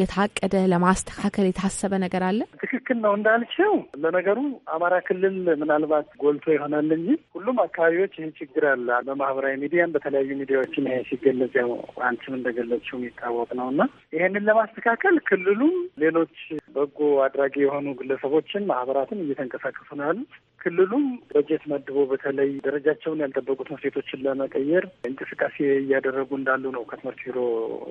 የታቀደ ለማስተካከል የታሰበ ነገር አለ። ትክክል ነው እንዳልችው። ለነገሩ አማራ ክልል ምናልባት ጎልቶ ይሆናል እንጂ ሁሉም አካባቢዎች ይህ ችግር አለ። በማህበራዊ ሚዲያም በተለያዩ ሚዲያዎችም ይሄ ሲገለጽ ያው አንቺም እንደገለጽሽው የሚታወቅ ነው እና ይሄንን ለማስተካከል ክልሉም ሌሎች በጎ አድራጊ የሆኑ ግለሰቦችን ማህበራትን እየተንቀሳቀሱ ነው ያሉት። ክልሉም በጀት መድቦ በተለይ ደረጃቸውን ያልጠበቁ ትምህርት ቤቶችን ለመቀየር እንቅስቃሴ እያደረጉ እንዳሉ ነው ከትምህርት ቢሮ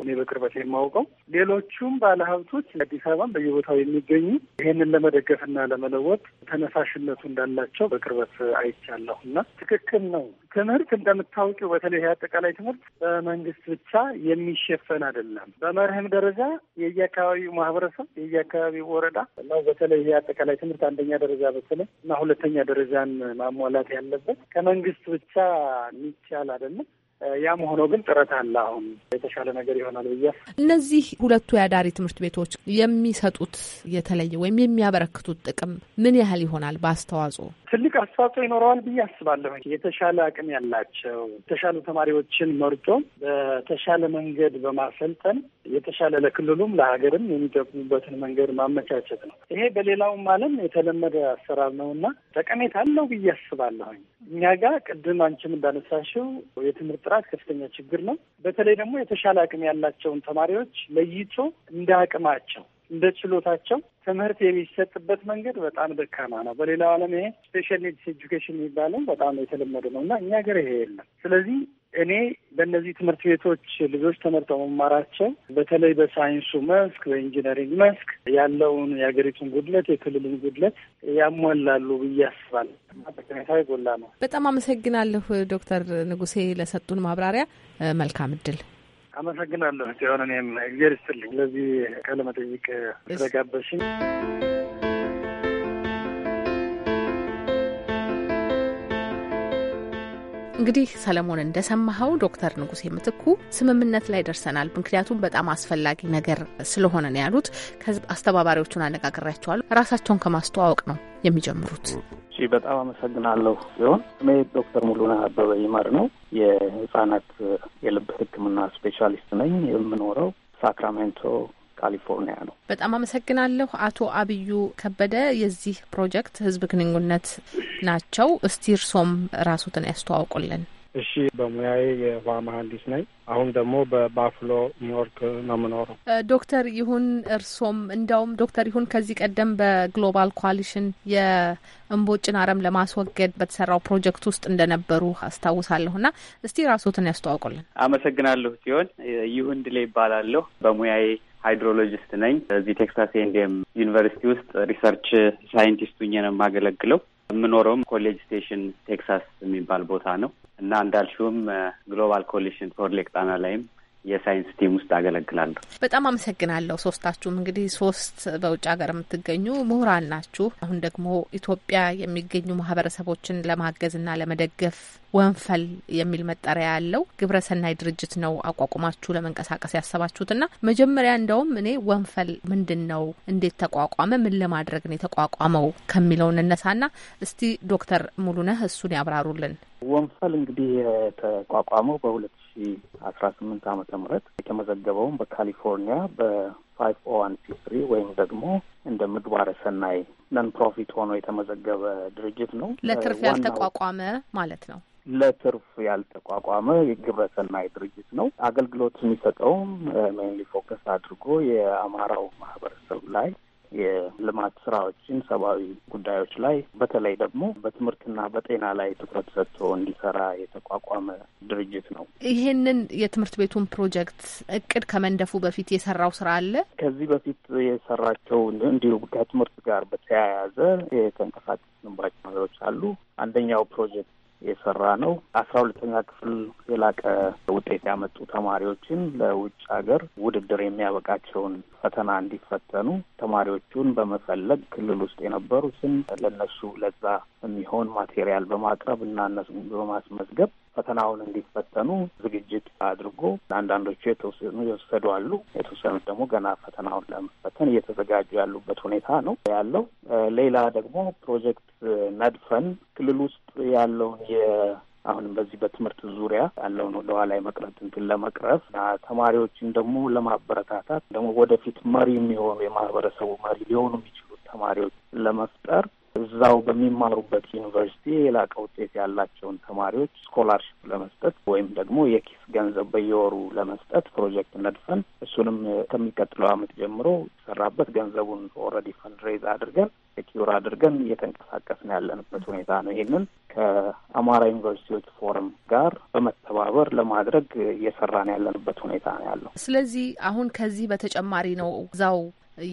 እኔ በቅርበት የማውቀው። ሌሎቹም ባለሀብቶች አዲስ አበባን በየቦታው የሚገኙ ይህንን ለመደገፍና ለመለወጥ ተነሳሽነቱ እንዳላቸው በቅርበት አይቻለሁ እና ትክክል ነው። ትምህርት እንደምታውቂው በተለይ አጠቃላይ ትምህርት በመንግስት ብቻ የሚሸፈን አይደለም። በመርህም ደረጃ የየአካባቢው ማህበረሰብ የየአካባቢው ወረዳ ነው። በተለይ አጠቃላይ ትምህርት አንደኛ ደረጃ በተለይ እና ሁለተኛ ደረጃን ማሟላት ያለበት ከመንግስት ብቻ የሚቻል አይደለም። ያም ሆኖ ግን ጥረት አለ። አሁን የተሻለ ነገር ይሆናል ብዬ እነዚህ ሁለቱ የአዳሪ ትምህርት ቤቶች የሚሰጡት የተለየ ወይም የሚያበረክቱት ጥቅም ምን ያህል ይሆናል በአስተዋጽኦ ትልቅ አስተዋጽኦ ይኖረዋል ብዬ አስባለሁ። የተሻለ አቅም ያላቸው የተሻሉ ተማሪዎችን መርጦ በተሻለ መንገድ በማሰልጠን የተሻለ ለክልሉም ለሀገርም የሚጠቅሙበትን መንገድ ማመቻቸት ነው። ይሄ በሌላውም ዓለም የተለመደ አሰራር ነው እና ጠቀሜታ አለው ብዬ አስባለሁኝ። እኛ ጋር ቅድም አንቺም እንዳነሳሽው የትምህርት ጥራት ከፍተኛ ችግር ነው። በተለይ ደግሞ የተሻለ አቅም ያላቸውን ተማሪዎች ለይቶ እንደ አቅማቸው እንደ ችሎታቸው ትምህርት የሚሰጥበት መንገድ በጣም ደካማ ነው። በሌላው ዓለም ይሄ ስፔሻል ኒድስ ኤጁኬሽን የሚባለው በጣም የተለመደ ነው እና እኛ ሀገር ይሄ የለም። ስለዚህ እኔ በእነዚህ ትምህርት ቤቶች ልጆች ተመርጠው መማራቸው በተለይ በሳይንሱ መስክ በኢንጂነሪንግ መስክ ያለውን የሀገሪቱን ጉድለት የክልሉን ጉድለት ያሟላሉ ብዬ ያስባል። ጠቀሜታው ጎላ ነው። በጣም አመሰግናለሁ ዶክተር ንጉሴ ለሰጡን ማብራሪያ። መልካም እድል አመሰግናለሁ ሲሆን እኔም እግዜር ይስጥልኝ ለዚህ ቃለ መጠይቅ ስለጋበዝሽኝ። እንግዲህ ሰለሞን እንደሰማኸው ዶክተር ንጉሴ ምትኩ ስምምነት ላይ ደርሰናል፣ ምክንያቱም በጣም አስፈላጊ ነገር ስለሆነ ነው ያሉት። አስተባባሪዎቹን አነጋግሬያቸዋለሁ። ራሳቸውን ከማስተዋወቅ ነው የሚጀምሩት። እሺ፣ በጣም አመሰግናለሁ ሲሆን ስሜ ዶክተር ሙሉነ አበበ ይመር ነው የህጻናት የልብ ህክምና ስፔሻሊስት ነኝ። የምኖረው ሳክራሜንቶ ካሊፎርኒያ ነው። በጣም አመሰግናለሁ አቶ አብዩ ከበደ የዚህ ፕሮጀክት ህዝብ ግንኙነት ናቸው። እስቲ እርሶም ራሱትን ያስተዋውቁልን። እሺ፣ በሙያዬ የውሃ መሀንዲስ ነኝ። አሁን ደግሞ በባፍሎ ኒውዮርክ ነው የምኖረው። ዶክተር ይሁን እርሶም እንዲያውም ዶክተር ይሁን ከዚህ ቀደም በግሎባል ኮሊሽን የእምቦጭን አረም ለማስወገድ በተሰራው ፕሮጀክት ውስጥ እንደነበሩ አስታውሳለሁ እና እስቲ ራስዎትን ያስተዋውቁልን። አመሰግናለሁ ሲሆን ይሁን ድሌ ይባላለሁ በሙያዬ ሃይድሮሎጂስት ነኝ። እዚህ ቴክሳስ ኤንዲኤም ዩኒቨርሲቲ ውስጥ ሪሰርች ሳይንቲስት ሁኜ ነው የማገለግለው። የምኖረውም ኮሌጅ ስቴሽን ቴክሳስ የሚባል ቦታ ነው እና እንዳልሽውም ግሎባል ኮሊሽን ፕሮጀክት ጣና ላይም የሳይንስ ቲም ውስጥ አገለግላለሁ። በጣም አመሰግናለሁ። ሶስታችሁም እንግዲህ ሶስት በውጭ ሀገር የምትገኙ ምሁራን ናችሁ። አሁን ደግሞ ኢትዮጵያ የሚገኙ ማህበረሰቦችን ለማገዝና ለመደገፍ ወንፈል የሚል መጠሪያ ያለው ግብረሰናይ ድርጅት ነው አቋቁማችሁ ለመንቀሳቀስ ያሰባችሁትና መጀመሪያ እንደውም እኔ ወንፈል ምንድን ነው፣ እንዴት ተቋቋመ፣ ምን ለማድረግ ነው የተቋቋመው ከሚለው እንነሳና እስቲ ዶክተር ሙሉነህ እሱን ያብራሩልን። ወንፈል እንግዲህ የተቋቋመው በሁለት ሺ አስራ ስምንት አመተ ምህረት የተመዘገበውን በካሊፎርኒያ በፋይቭ ኦ ዋን ሲ ትሪ ወይም ደግሞ እንደ ምግባረ ሰናይ ነን ፕሮፊት ሆኖ የተመዘገበ ድርጅት ነው። ለትርፍ ያልተቋቋመ ማለት ነው። ለትርፍ ያልተቋቋመ የግብረ ሰናይ ድርጅት ነው። አገልግሎት የሚሰጠውም ሜንሊ ፎከስ አድርጎ የአማራው ማህበረሰብ ላይ የልማት ስራዎችን፣ ሰብአዊ ጉዳዮች ላይ በተለይ ደግሞ በትምህርትና በጤና ላይ ትኩረት ሰጥቶ እንዲሰራ የተቋቋመ ድርጅት ነው። ይህንን የትምህርት ቤቱን ፕሮጀክት እቅድ ከመንደፉ በፊት የሰራው ስራ አለ። ከዚህ በፊት የሰራቸው እንዲሁ ከትምህርት ጋር በተያያዘ የተንቀሳቀስንባቸው ነገሮች አሉ። አንደኛው ፕሮጀክት የሰራ ነው። አስራ ሁለተኛ ክፍል የላቀ ውጤት ያመጡ ተማሪዎችን ለውጭ ሀገር ውድድር የሚያበቃቸውን ፈተና እንዲፈተኑ ተማሪዎቹን በመፈለግ ክልል ውስጥ የነበሩትን ለነሱ ለዛ የሚሆን ማቴሪያል በማቅረብ እና እነሱ በማስመዝገብ ፈተናውን እንዲፈተኑ ዝግጅት አድርጎ አንዳንዶቹ የተወሰኑ የወሰዱ አሉ። የተወሰኑት ደግሞ ገና ፈተናውን ለመፈተን እየተዘጋጁ ያሉበት ሁኔታ ነው ያለው። ሌላ ደግሞ ፕሮጀክት ነድፈን ክልል ውስጥ ያለውን አሁንም በዚህ በትምህርት ዙሪያ ያለውን ወደኋላ የመቅረት እንትን ለመቅረፍ እና ተማሪዎችን ደግሞ ለማበረታታት ደግሞ ወደፊት መሪ የሚሆኑ የማህበረሰቡ መሪ ሊሆኑ የሚችሉ ተማሪዎች ለመፍጠር እዛው በሚማሩበት ዩኒቨርሲቲ የላቀ ውጤት ያላቸውን ተማሪዎች ስኮላርሽፕ ለመስጠት ወይም ደግሞ የኪስ ገንዘብ በየወሩ ለመስጠት ፕሮጀክት ነድፈን እሱንም ከሚቀጥለው ዓመት ጀምሮ የተሰራበት ገንዘቡን ኦልሬዲ ፈንድሬዝ አድርገን ሴኪዩር አድርገን እየተንቀሳቀስን ያለንበት ሁኔታ ነው። ይህንን ከአማራ ዩኒቨርሲቲዎች ፎረም ጋር በመተባበር ለማድረግ እየሰራን ያለንበት ሁኔታ ነው ያለው። ስለዚህ አሁን ከዚህ በተጨማሪ ነው እዛው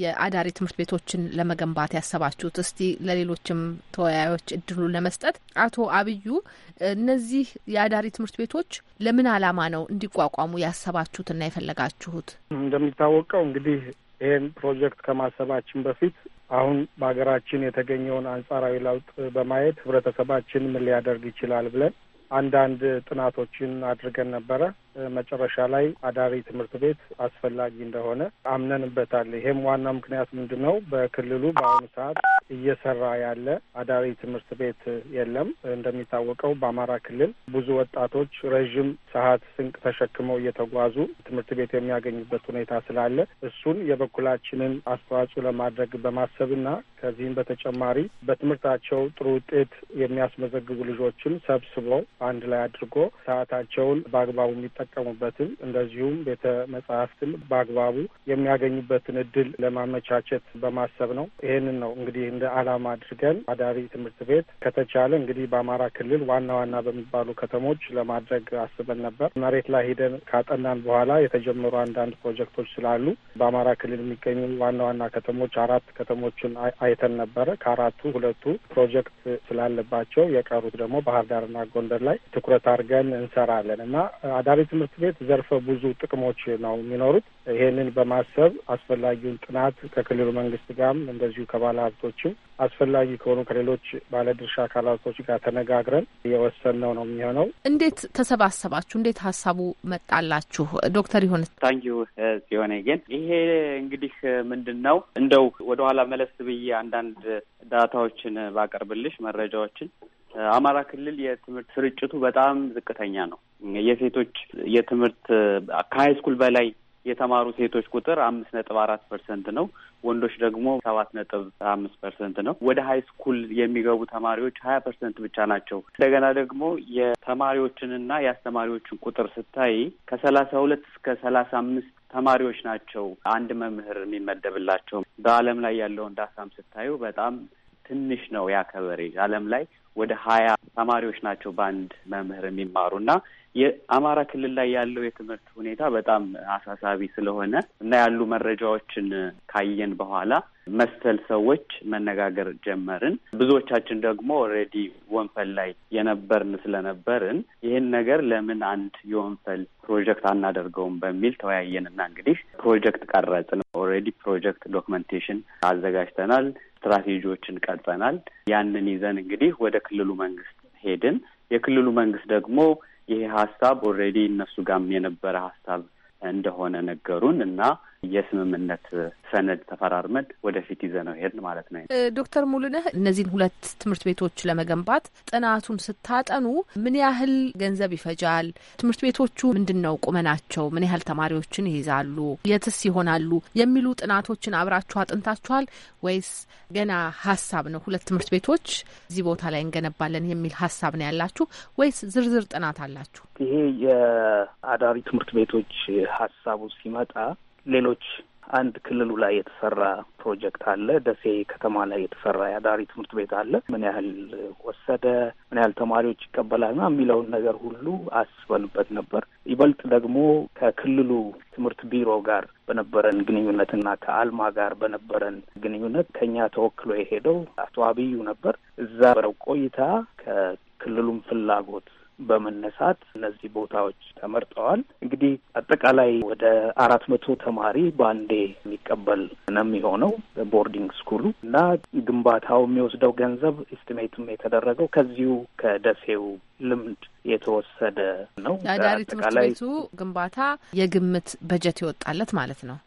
የአዳሪ ትምህርት ቤቶችን ለመገንባት ያሰባችሁት? እስቲ ለሌሎችም ተወያዮች እድሉን ለመስጠት አቶ አብዩ፣ እነዚህ የአዳሪ ትምህርት ቤቶች ለምን ዓላማ ነው እንዲቋቋሙ ያሰባችሁትና የፈለጋችሁት? እንደሚታወቀው እንግዲህ ይህን ፕሮጀክት ከማሰባችን በፊት አሁን በሀገራችን የተገኘውን አንጻራዊ ለውጥ በማየት ህብረተሰባችን ምን ሊያደርግ ይችላል ብለን አንዳንድ ጥናቶችን አድርገን ነበረ። መጨረሻ ላይ አዳሪ ትምህርት ቤት አስፈላጊ እንደሆነ አምነንበታል። ይሄም ዋና ምክንያት ምንድን ነው? በክልሉ በአሁኑ ሰዓት እየሰራ ያለ አዳሪ ትምህርት ቤት የለም። እንደሚታወቀው በአማራ ክልል ብዙ ወጣቶች ረዥም ሰዓት ስንቅ ተሸክመው እየተጓዙ ትምህርት ቤት የሚያገኙበት ሁኔታ ስላለ እሱን የበኩላችንን አስተዋጽኦ ለማድረግ በማሰብና ከዚህም በተጨማሪ በትምህርታቸው ጥሩ ውጤት የሚያስመዘግቡ ልጆችን ሰብስቦ አንድ ላይ አድርጎ ሰዓታቸውን በአግባቡ የሚጠቀ የሚጠቀሙበትን እንደዚሁም ቤተ መጽሐፍትን በአግባቡ የሚያገኙበትን እድል ለማመቻቸት በማሰብ ነው። ይህንን ነው እንግዲህ እንደ ዓላማ አድርገን አዳሪ ትምህርት ቤት ከተቻለ እንግዲህ በአማራ ክልል ዋና ዋና በሚባሉ ከተሞች ለማድረግ አስበን ነበር። መሬት ላይ ሂደን ካጠናን በኋላ የተጀመሩ አንዳንድ ፕሮጀክቶች ስላሉ በአማራ ክልል የሚገኙ ዋና ዋና ከተሞች አራት ከተሞችን አይተን ነበረ። ከአራቱ ሁለቱ ፕሮጀክት ስላለባቸው የቀሩት ደግሞ ባህር ዳርና ጎንደር ላይ ትኩረት አድርገን እንሰራለን እና አዳሪ ትምህርት ቤት ዘርፈ ብዙ ጥቅሞች ነው የሚኖሩት። ይሄንን በማሰብ አስፈላጊውን ጥናት ከክልሉ መንግስት ጋርም እንደዚሁ ከባለ ሀብቶችም አስፈላጊ ከሆኑ ከሌሎች ባለድርሻ አካላቶች ጋር ተነጋግረን የወሰንነው ነው የሚሆነው። እንዴት ተሰባሰባችሁ? እንዴት ሀሳቡ መጣላችሁ? ዶክተር ይሁን ታንኪ ሲሆነ ግን ይሄ እንግዲህ ምንድን ነው እንደው ወደኋላ መለስ ብዬ አንዳንድ ዳታዎችን ባቀርብልሽ መረጃዎችን አማራ ክልል የትምህርት ስርጭቱ በጣም ዝቅተኛ ነው። የሴቶች የትምህርት ከሀይ ስኩል በላይ የተማሩ ሴቶች ቁጥር አምስት ነጥብ አራት ፐርሰንት ነው። ወንዶች ደግሞ ሰባት ነጥብ አምስት ፐርሰንት ነው። ወደ ሀይ ስኩል የሚገቡ ተማሪዎች ሀያ ፐርሰንት ብቻ ናቸው። እንደገና ደግሞ የተማሪዎችንና የአስተማሪዎችን ቁጥር ስታይ ከሰላሳ ሁለት እስከ ሰላሳ አምስት ተማሪዎች ናቸው አንድ መምህር የሚመደብላቸው። በዓለም ላይ ያለውን ዳሳም ስታዩ በጣም ትንሽ ነው ያ ከበሬ ዓለም ላይ ወደ ሀያ ተማሪዎች ናቸው በአንድ መምህር የሚማሩ እና የአማራ ክልል ላይ ያለው የትምህርት ሁኔታ በጣም አሳሳቢ ስለሆነ እና ያሉ መረጃዎችን ካየን በኋላ መሰል ሰዎች መነጋገር ጀመርን። ብዙዎቻችን ደግሞ ኦልሬዲ ወንፈል ላይ የነበርን ስለነበርን ይህን ነገር ለምን አንድ የወንፈል ፕሮጀክት አናደርገውም በሚል ተወያየንና እንግዲህ ፕሮጀክት ቀረጽን። ኦልሬዲ ፕሮጀክት ዶክመንቴሽን አዘጋጅተናል፣ ስትራቴጂዎችን ቀርጸናል። ያንን ይዘን እንግዲህ ወደ ክልሉ መንግስት ሄድን። የክልሉ መንግስት ደግሞ ይሄ ሀሳብ ኦልሬዲ እነሱ ጋም የነበረ ሀሳብ እንደሆነ ነገሩን እና የስምምነት ሰነድ ተፈራርመን ወደፊት ይዘ ነው ማለት ነው። ዶክተር ሙሉነህ እነዚህን ሁለት ትምህርት ቤቶች ለመገንባት ጥናቱን ስታጠኑ ምን ያህል ገንዘብ ይፈጃል? ትምህርት ቤቶቹ ምንድን ነው ቁመናቸው? ምን ያህል ተማሪዎችን ይይዛሉ? የትስ ይሆናሉ? የሚሉ ጥናቶችን አብራችሁ አጥንታችኋል ወይስ ገና ሀሳብ ነው? ሁለት ትምህርት ቤቶች እዚህ ቦታ ላይ እንገነባለን የሚል ሀሳብ ነው ያላችሁ ወይስ ዝርዝር ጥናት አላችሁ? ይሄ የአዳሪ ትምህርት ቤቶች ሀሳቡ ሲመጣ ሌሎች አንድ ክልሉ ላይ የተሰራ ፕሮጀክት አለ። ደሴ ከተማ ላይ የተሰራ የአዳሪ ትምህርት ቤት አለ። ምን ያህል ወሰደ፣ ምን ያህል ተማሪዎች ይቀበላልና የሚለውን ነገር ሁሉ አስበንበት ነበር። ይበልጥ ደግሞ ከክልሉ ትምህርት ቢሮ ጋር በነበረን ግንኙነትና ከአልማ ጋር በነበረን ግንኙነት ከኛ ተወክሎ የሄደው አቶ አብዩ ነበር። እዛ በረው ቆይታ ከክልሉም ፍላጎት በመነሳት እነዚህ ቦታዎች ተመርጠዋል። እንግዲህ አጠቃላይ ወደ አራት መቶ ተማሪ በአንዴ የሚቀበል ነው የሚሆነው ቦርዲንግ ስኩሉ እና ግንባታው የሚወስደው ገንዘብ ኢስቲሜትም የተደረገው ከዚሁ ከደሴው ልምድ የተወሰደ ነው። አዳሪ ትምህርት ቤቱ ግንባታ የግምት በጀት ይወጣለት ማለት ነው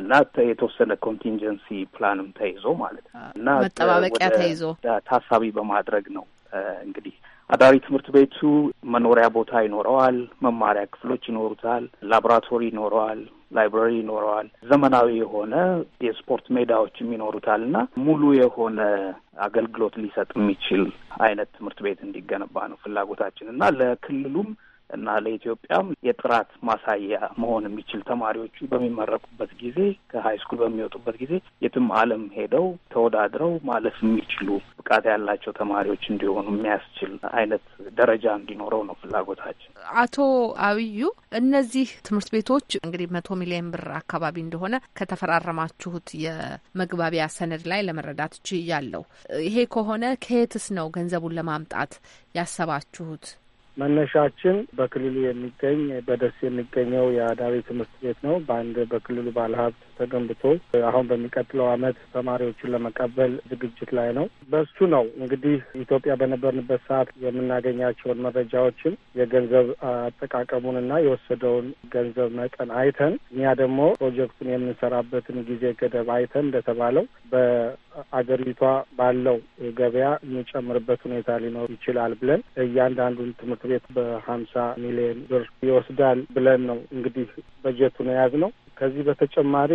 እና የተወሰነ ኮንቲንጀንሲ ፕላንም ተይዞ ማለት ነው እና መጠባበቂያ ተይዞ ታሳቢ በማድረግ ነው እንግዲህ አዳሪ ትምህርት ቤቱ መኖሪያ ቦታ ይኖረዋል፣ መማሪያ ክፍሎች ይኖሩታል፣ ላቦራቶሪ ይኖረዋል፣ ላይብራሪ ይኖረዋል፣ ዘመናዊ የሆነ የስፖርት ሜዳዎችም ይኖሩታል እና ሙሉ የሆነ አገልግሎት ሊሰጥ የሚችል አይነት ትምህርት ቤት እንዲገነባ ነው ፍላጎታችን እና ለክልሉም እና ለኢትዮጵያም የጥራት ማሳያ መሆን የሚችል ተማሪዎቹ በሚመረቁበት ጊዜ ከሀይ ስኩል በሚወጡበት ጊዜ የትም ዓለም ሄደው ተወዳድረው ማለፍ የሚችሉ ብቃት ያላቸው ተማሪዎች እንዲሆኑ የሚያስችል አይነት ደረጃ እንዲኖረው ነው ፍላጎታችን። አቶ አብዩ እነዚህ ትምህርት ቤቶች እንግዲህ መቶ ሚሊዮን ብር አካባቢ እንደሆነ ከተፈራረማችሁት የመግባቢያ ሰነድ ላይ ለመረዳት ችያለሁ። ይሄ ከሆነ ከየትስ ነው ገንዘቡን ለማምጣት ያሰባችሁት? መነሻችን በክልሉ የሚገኝ በደሴ የሚገኘው የአዳሪ ትምህርት ቤት ነው። በአንድ በክልሉ ባለሀብት ተገንብቶ አሁን በሚቀጥለው አመት ተማሪዎቹን ለመቀበል ዝግጅት ላይ ነው። በሱ ነው እንግዲህ ኢትዮጵያ በነበርንበት ሰዓት የምናገኛቸውን መረጃዎችን የገንዘብ አጠቃቀሙንና የወሰደውን ገንዘብ መጠን አይተን እኛ ደግሞ ፕሮጀክቱን የምንሰራበትን ጊዜ ገደብ አይተን እንደተባለው በአገሪቷ ባለው ገበያ የሚጨምርበት ሁኔታ ሊኖር ይችላል ብለን እያንዳንዱን ትምህርት ቤት በሀምሳ ሚሊዮን ብር ይወስዳል ብለን ነው እንግዲህ በጀቱን የያዝነው። ከዚህ በተጨማሪ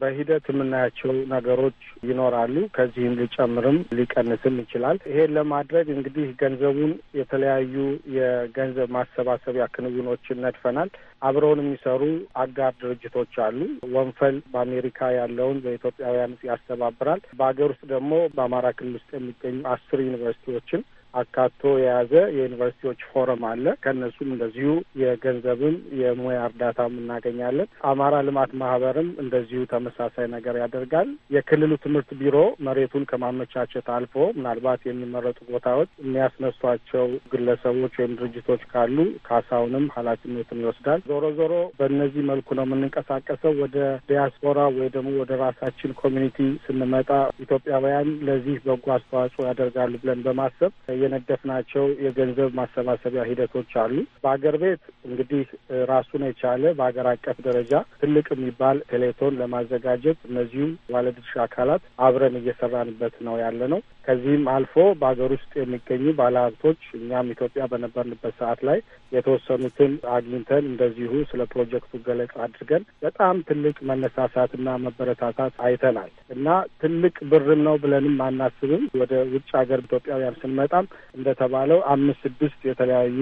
በሂደት የምናያቸው ነገሮች ይኖራሉ። ከዚህም ሊጨምርም ሊቀንስም ይችላል። ይሄን ለማድረግ እንግዲህ ገንዘቡን የተለያዩ የገንዘብ ማሰባሰቢያ ክንውኖችን ነድፈናል። አብረውን የሚሰሩ አጋር ድርጅቶች አሉ። ወንፈል በአሜሪካ ያለውን በኢትዮጵያውያን ያስተባብራል። በሀገር ውስጥ ደግሞ በአማራ ክልል ውስጥ የሚገኙ አስር ዩኒቨርሲቲዎችን አካቶ የያዘ የዩኒቨርሲቲዎች ፎረም አለ። ከእነሱም እንደዚሁ የገንዘብም የሙያ እርዳታም እናገኛለን። አማራ ልማት ማህበርም እንደዚሁ ተመሳሳይ ነገር ያደርጋል። የክልሉ ትምህርት ቢሮ መሬቱን ከማመቻቸት አልፎ ምናልባት የሚመረጡ ቦታዎች የሚያስነሷቸው ግለሰቦች ወይም ድርጅቶች ካሉ ካሳውንም ኃላፊነቱን ይወስዳል። ዞሮ ዞሮ በእነዚህ መልኩ ነው የምንንቀሳቀሰው። ወደ ዲያስፖራ ወይ ደግሞ ወደ ራሳችን ኮሚኒቲ ስንመጣ ኢትዮጵያውያን ለዚህ በጎ አስተዋጽኦ ያደርጋሉ ብለን በማሰብ የነደፍናቸው የገንዘብ ማሰባሰቢያ ሂደቶች አሉ። በሀገር ቤት እንግዲህ ራሱን የቻለ በሀገር አቀፍ ደረጃ ትልቅ የሚባል ቴሌቶን ለማዘጋጀት እነዚሁም ባለድርሻ አካላት አብረን እየሰራንበት ነው ያለ ነው። ከዚህም አልፎ በሀገር ውስጥ የሚገኙ ባለሀብቶች እኛም ኢትዮጵያ በነበርንበት ሰዓት ላይ የተወሰኑትን አግኝተን እንደዚሁ ስለ ፕሮጀክቱ ገለጻ አድርገን በጣም ትልቅ መነሳሳትና መበረታታት አይተናል እና ትልቅ ብርም ነው ብለንም አናስብም። ወደ ውጭ ሀገር ኢትዮጵያውያን ስንመጣም እንደተባለው አምስት ስድስት የተለያዩ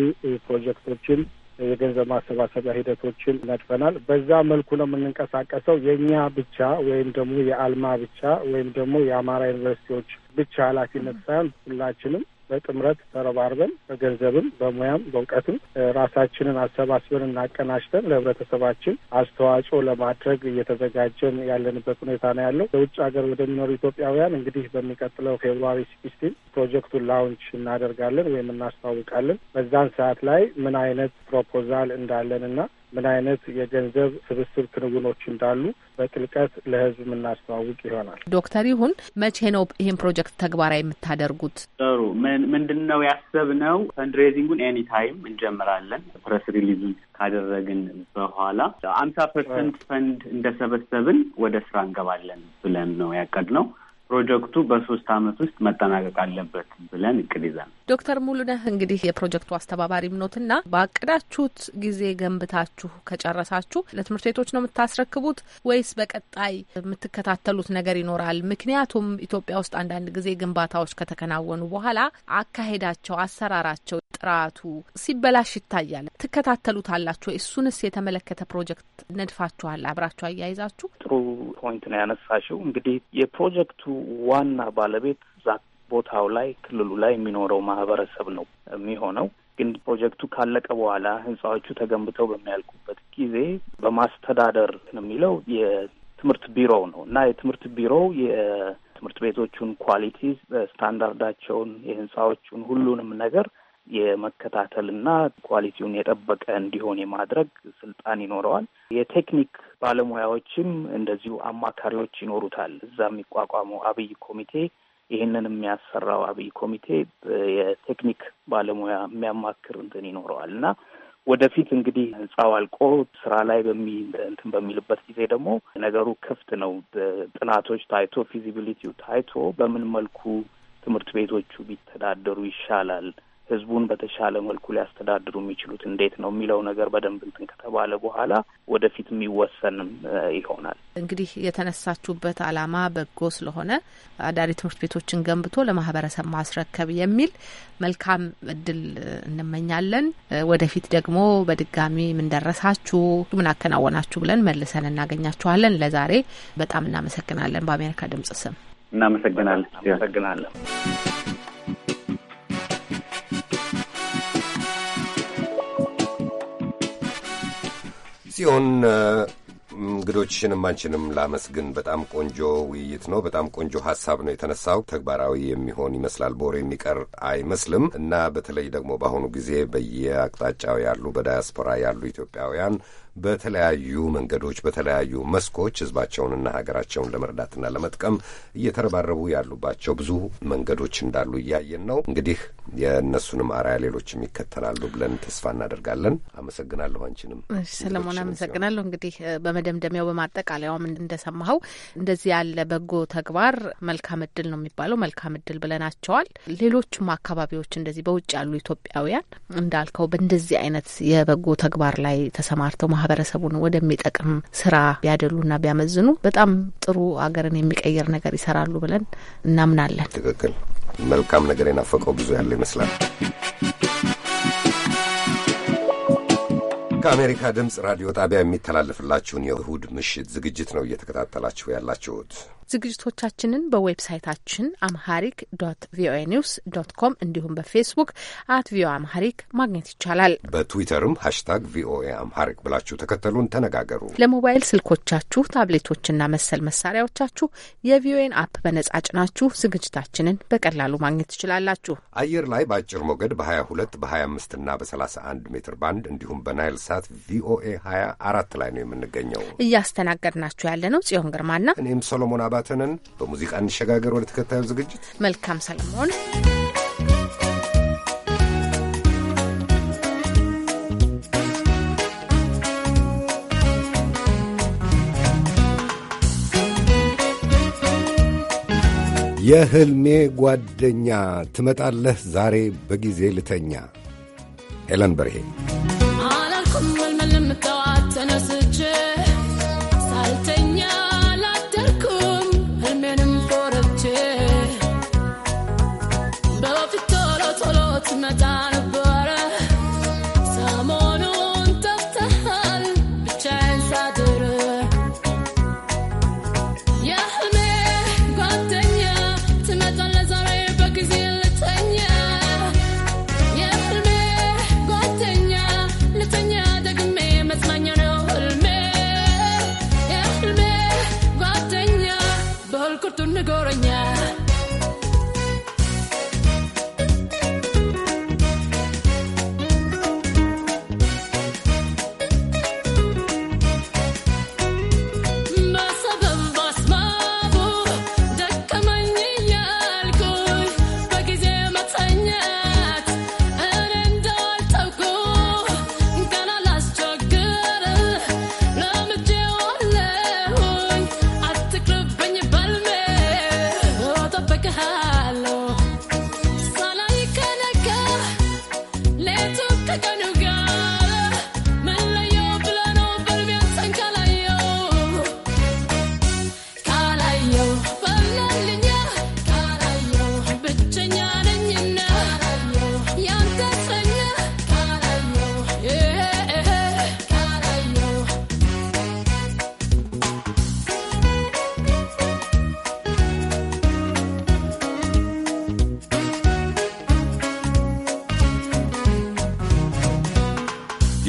ፕሮጀክቶችን የገንዘብ ማሰባሰቢያ ሂደቶችን ነድፈናል። በዛ መልኩ ነው የምንንቀሳቀሰው። የእኛ ብቻ ወይም ደግሞ የአልማ ብቻ ወይም ደግሞ የአማራ ዩኒቨርሲቲዎች ብቻ ኃላፊነት ሳይሆን ሁላችንም በጥምረት ተረባርበን በገንዘብም በሙያም በእውቀትም ራሳችንን አሰባስበን እና ለህብረተሰባችን አስተዋጽኦ ለማድረግ እየተዘጋጀን ያለንበት ሁኔታ ነው ያለው። በውጭ ሀገር ወደሚኖሩ ኢትዮጵያውያን እንግዲህ በሚቀጥለው ፌብሩዋሪ ሲክስቲን ፕሮጀክቱን ላውንች እናደርጋለን ወይም እናስታውቃለን። በዛን ሰዓት ላይ ምን አይነት ፕሮፖዛል እንዳለን እና ምን አይነት የገንዘብ ስብስብ ክንውኖች እንዳሉ በጥልቀት ለህዝብ የምናስተዋውቅ ይሆናል። ዶክተር ይሁን መቼ ነው ይህን ፕሮጀክት ተግባራዊ የምታደርጉት? ጥሩ ምንድን ነው ያሰብነው? ፈንድሬዚንጉን ኤኒ ታይም እንጀምራለን። ፕሬስ ሪሊዙ ካደረግን በኋላ አምሳ ፐርሰንት ፈንድ እንደሰበሰብን ወደ ስራ እንገባለን ብለን ነው ያቀድነው። ፕሮጀክቱ በሶስት አመት ውስጥ መጠናቀቅ አለበት ብለን እቅድ ይዘን። ዶክተር ሙሉነህ እንግዲህ የፕሮጀክቱ ምኖት ኖትና በአቅዳችሁት ጊዜ ገንብታችሁ ከጨረሳችሁ ለትምህርት ቤቶች ነው የምታስረክቡት ወይስ በቀጣይ የምትከታተሉት ነገር ይኖራል? ምክንያቱም ኢትዮጵያ ውስጥ አንዳንድ ጊዜ ግንባታዎች ከተከናወኑ በኋላ አካሄዳቸው፣ አሰራራቸው፣ ጥራቱ ሲበላሽ ይታያል። ትከታተሉት አላችሁ? እሱንስ የተመለከተ ፕሮጀክት ነድፋችኋል? አብራችሁ አያይዛችሁ። ጥሩ ፖይንት ነው ያነሳሽው። እንግዲህ የፕሮጀክቱ ዋና ባለቤት እዛ ቦታው ላይ ክልሉ ላይ የሚኖረው ማህበረሰብ ነው የሚሆነው። ግን ፕሮጀክቱ ካለቀ በኋላ ህንፃዎቹ ተገንብተው በሚያልቁበት ጊዜ በማስተዳደር ነው የሚለው የትምህርት ቢሮው ነው እና የትምህርት ቢሮው የትምህርት ቤቶቹን ኳሊቲ ስታንዳርዳቸውን፣ የህንፃዎቹን ሁሉንም ነገር የመከታተልና ኳሊቲውን የጠበቀ እንዲሆን የማድረግ ስልጣን ይኖረዋል። የቴክኒክ ባለሙያዎችም እንደዚሁ አማካሪዎች ይኖሩታል። እዛ የሚቋቋመው አብይ ኮሚቴ ይህንን የሚያሰራው አብይ ኮሚቴ የቴክኒክ ባለሙያ የሚያማክር እንትን ይኖረዋል እና ወደፊት እንግዲህ ህንፃው አልቆ ስራ ላይ በሚ እንትን በሚልበት ጊዜ ደግሞ ነገሩ ክፍት ነው። ጥናቶች ታይቶ ፊዚቢሊቲው ታይቶ በምን መልኩ ትምህርት ቤቶቹ ቢተዳደሩ ይሻላል ህዝቡን በተሻለ መልኩ ሊያስተዳድሩ የሚችሉት እንዴት ነው የሚለው ነገር በደንብ እንትን ከተባለ በኋላ ወደፊት የሚወሰንም ይሆናል። እንግዲህ የተነሳችሁበት አላማ በጎ ስለሆነ አዳሪ ትምህርት ቤቶችን ገንብቶ ለማህበረሰብ ማስረከብ የሚል መልካም እድል እንመኛለን። ወደፊት ደግሞ በድጋሚ ምን ደረሳችሁ፣ ምን አከናወናችሁ ብለን መልሰን እናገኛችኋለን። ለዛሬ በጣም እናመሰግናለን። በአሜሪካ ድምጽ ስም እናመሰግናለን። እናመሰግናለን። ጽዮን እንግዶችሽንም አንቺንም ላመስግን። በጣም ቆንጆ ውይይት ነው። በጣም ቆንጆ ሀሳብ ነው የተነሳው። ተግባራዊ የሚሆን ይመስላል። በወሬ የሚቀር አይመስልም እና በተለይ ደግሞ በአሁኑ ጊዜ በየአቅጣጫው ያሉ በዳያስፖራ ያሉ ኢትዮጵያውያን በተለያዩ መንገዶች በተለያዩ መስኮች ህዝባቸውንና ሀገራቸውን ለመርዳትና ለመጥቀም እየተረባረቡ ያሉባቸው ብዙ መንገዶች እንዳሉ እያየን ነው። እንግዲህ የእነሱንም አርአያ ሌሎችም ይከተላሉ ብለን ተስፋ እናደርጋለን። አመሰግናለሁ። አንቺንም ሰለሞን አመሰግናለሁ። እንግዲህ በመደምደሚያው በማጠቃለያውም እንደሰማኸው እንደዚህ ያለ በጎ ተግባር መልካም እድል ነው የሚባለው። መልካም እድል ብለናቸዋል። ሌሎችም አካባቢዎች እንደዚህ በውጭ ያሉ ኢትዮጵያውያን እንዳልከው በእንደዚህ አይነት የበጎ ተግባር ላይ ተሰማርተው ማህበረሰቡን ወደሚጠቅም ስራ ቢያደሉና ቢያመዝኑ በጣም ጥሩ አገርን የሚቀይር ነገር ይሰራሉ ብለን እናምናለን። ትክክል። መልካም ነገር የናፈቀው ብዙ ያለ ይመስላል። ከአሜሪካ ድምፅ ራዲዮ ጣቢያ የሚተላለፍላችሁን የእሁድ ምሽት ዝግጅት ነው እየተከታተላችሁ ያላችሁት። ዝግጅቶቻችንን በዌብሳይታችን አምሃሪክ ዶት ቪኦኤ ኒውስ ዶት ኮም እንዲሁም በፌስቡክ አት ቪኦ አምሃሪክ ማግኘት ይቻላል። በትዊተርም ሃሽታግ ቪኦኤ አምሃሪክ ብላችሁ ተከተሉን፣ ተነጋገሩ። ለሞባይል ስልኮቻችሁ ታብሌቶችና መሰል መሳሪያዎቻችሁ የቪኦኤን አፕ በነጻ ጭናችሁ ዝግጅታችንን በቀላሉ ማግኘት ትችላላችሁ። አየር ላይ በአጭር ሞገድ በ22 በ25 እና በ31 ሜትር ባንድ እንዲሁም በናይል ሳት ቪኦኤ 24 ላይ ነው የምንገኘው። እያስተናገድናችሁ ያለ ነው ጽዮን ግርማና እኔም ሶሎሞን አባ አባተነን። በሙዚቃ እንሸጋገር ወደ ተከታዩ ዝግጅት። መልካም ሰለሞን። የህልሜ ጓደኛ ትመጣለህ ዛሬ በጊዜ ልተኛ ኤለን በርሄ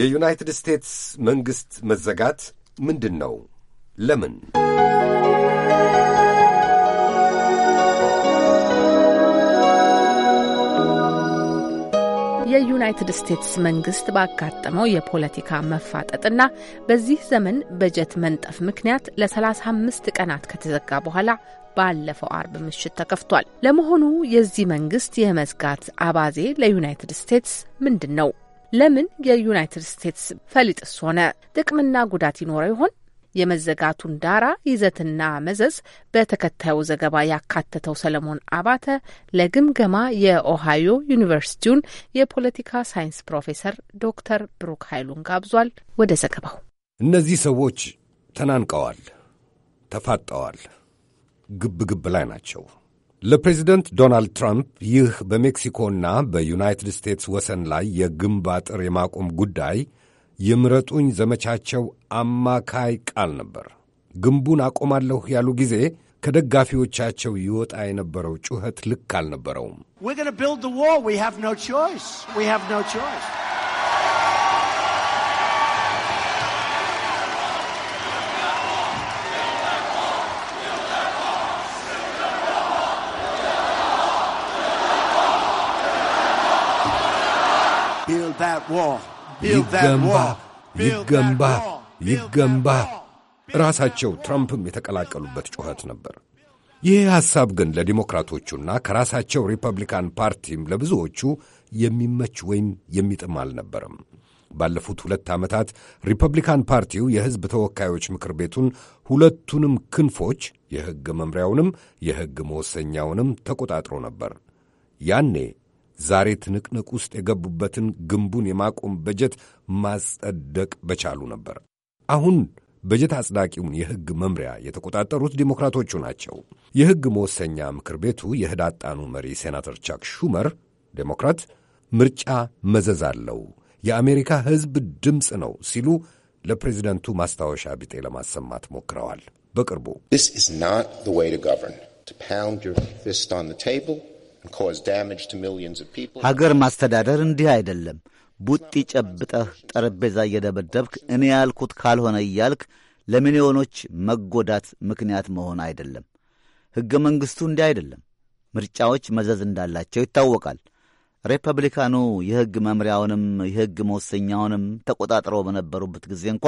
የዩናይትድ ስቴትስ መንግሥት መዘጋት ምንድን ነው? ለምን? የዩናይትድ ስቴትስ መንግስት ባጋጠመው የፖለቲካ መፋጠጥና በዚህ ዘመን በጀት መንጠፍ ምክንያት ለ35 ቀናት ከተዘጋ በኋላ ባለፈው አርብ ምሽት ተከፍቷል። ለመሆኑ የዚህ መንግስት የመዝጋት አባዜ ለዩናይትድ ስቴትስ ምንድን ነው? ለምን የዩናይትድ ስቴትስ ፈሊጥስ ሆነ? ጥቅምና ጉዳት ይኖረው ይሆን? የመዘጋቱን ዳራ ይዘትና መዘዝ በተከታዩ ዘገባ ያካተተው ሰለሞን አባተ ለግምገማ የኦሃዮ ዩኒቨርሲቲውን የፖለቲካ ሳይንስ ፕሮፌሰር ዶክተር ብሩክ ኃይሉን ጋብዟል። ወደ ዘገባው። እነዚህ ሰዎች ተናንቀዋል፣ ተፋጠዋል፣ ግብ ግብ ላይ ናቸው። ለፕሬዚደንት ዶናልድ ትራምፕ ይህ በሜክሲኮና በዩናይትድ ስቴትስ ወሰን ላይ የግንብ አጥር የማቆም ጉዳይ የምረጡኝ ዘመቻቸው አማካይ ቃል ነበር። ግንቡን አቆማለሁ ያሉ ጊዜ ከደጋፊዎቻቸው ይወጣ የነበረው ጩኸት ልክ አልነበረውም። ይገንባ ይገንባ ይገንባ ራሳቸው ትራምፕም የተቀላቀሉበት ጩኸት ነበር። ይህ ሐሳብ ግን ለዲሞክራቶቹና ከራሳቸው ሪፐብሊካን ፓርቲም ለብዙዎቹ የሚመች ወይም የሚጥም አልነበረም። ባለፉት ሁለት ዓመታት ሪፐብሊካን ፓርቲው የሕዝብ ተወካዮች ምክር ቤቱን ሁለቱንም ክንፎች የሕግ መምሪያውንም የሕግ መወሰኛውንም ተቆጣጥሮ ነበር። ያኔ ዛሬ ትንቅንቅ ውስጥ የገቡበትን ግንቡን የማቆም በጀት ማጸደቅ በቻሉ ነበር። አሁን በጀት አጽዳቂውን የሕግ መምሪያ የተቆጣጠሩት ዴሞክራቶቹ ናቸው። የሕግ መወሰኛ ምክር ቤቱ የህዳጣኑ መሪ ሴናተር ቻክ ሹመር ዴሞክራት፣ ምርጫ መዘዝ አለው፣ የአሜሪካ ሕዝብ ድምፅ ነው ሲሉ ለፕሬዚደንቱ ማስታወሻ ቢጤ ለማሰማት ሞክረዋል። በቅርቡ ሀገር ማስተዳደር እንዲህ አይደለም። ቡጢ ጨብጠህ ጠረጴዛ እየደበደብክ እኔ ያልኩት ካልሆነ እያልክ ለሚሊዮኖች መጎዳት ምክንያት መሆን አይደለም። ሕገ መንግሥቱ እንዲህ አይደለም። ምርጫዎች መዘዝ እንዳላቸው ይታወቃል። ሪፐብሊካኑ የሕግ መምሪያውንም የሕግ መወሰኛውንም ተቆጣጥረው በነበሩበት ጊዜ እንኳ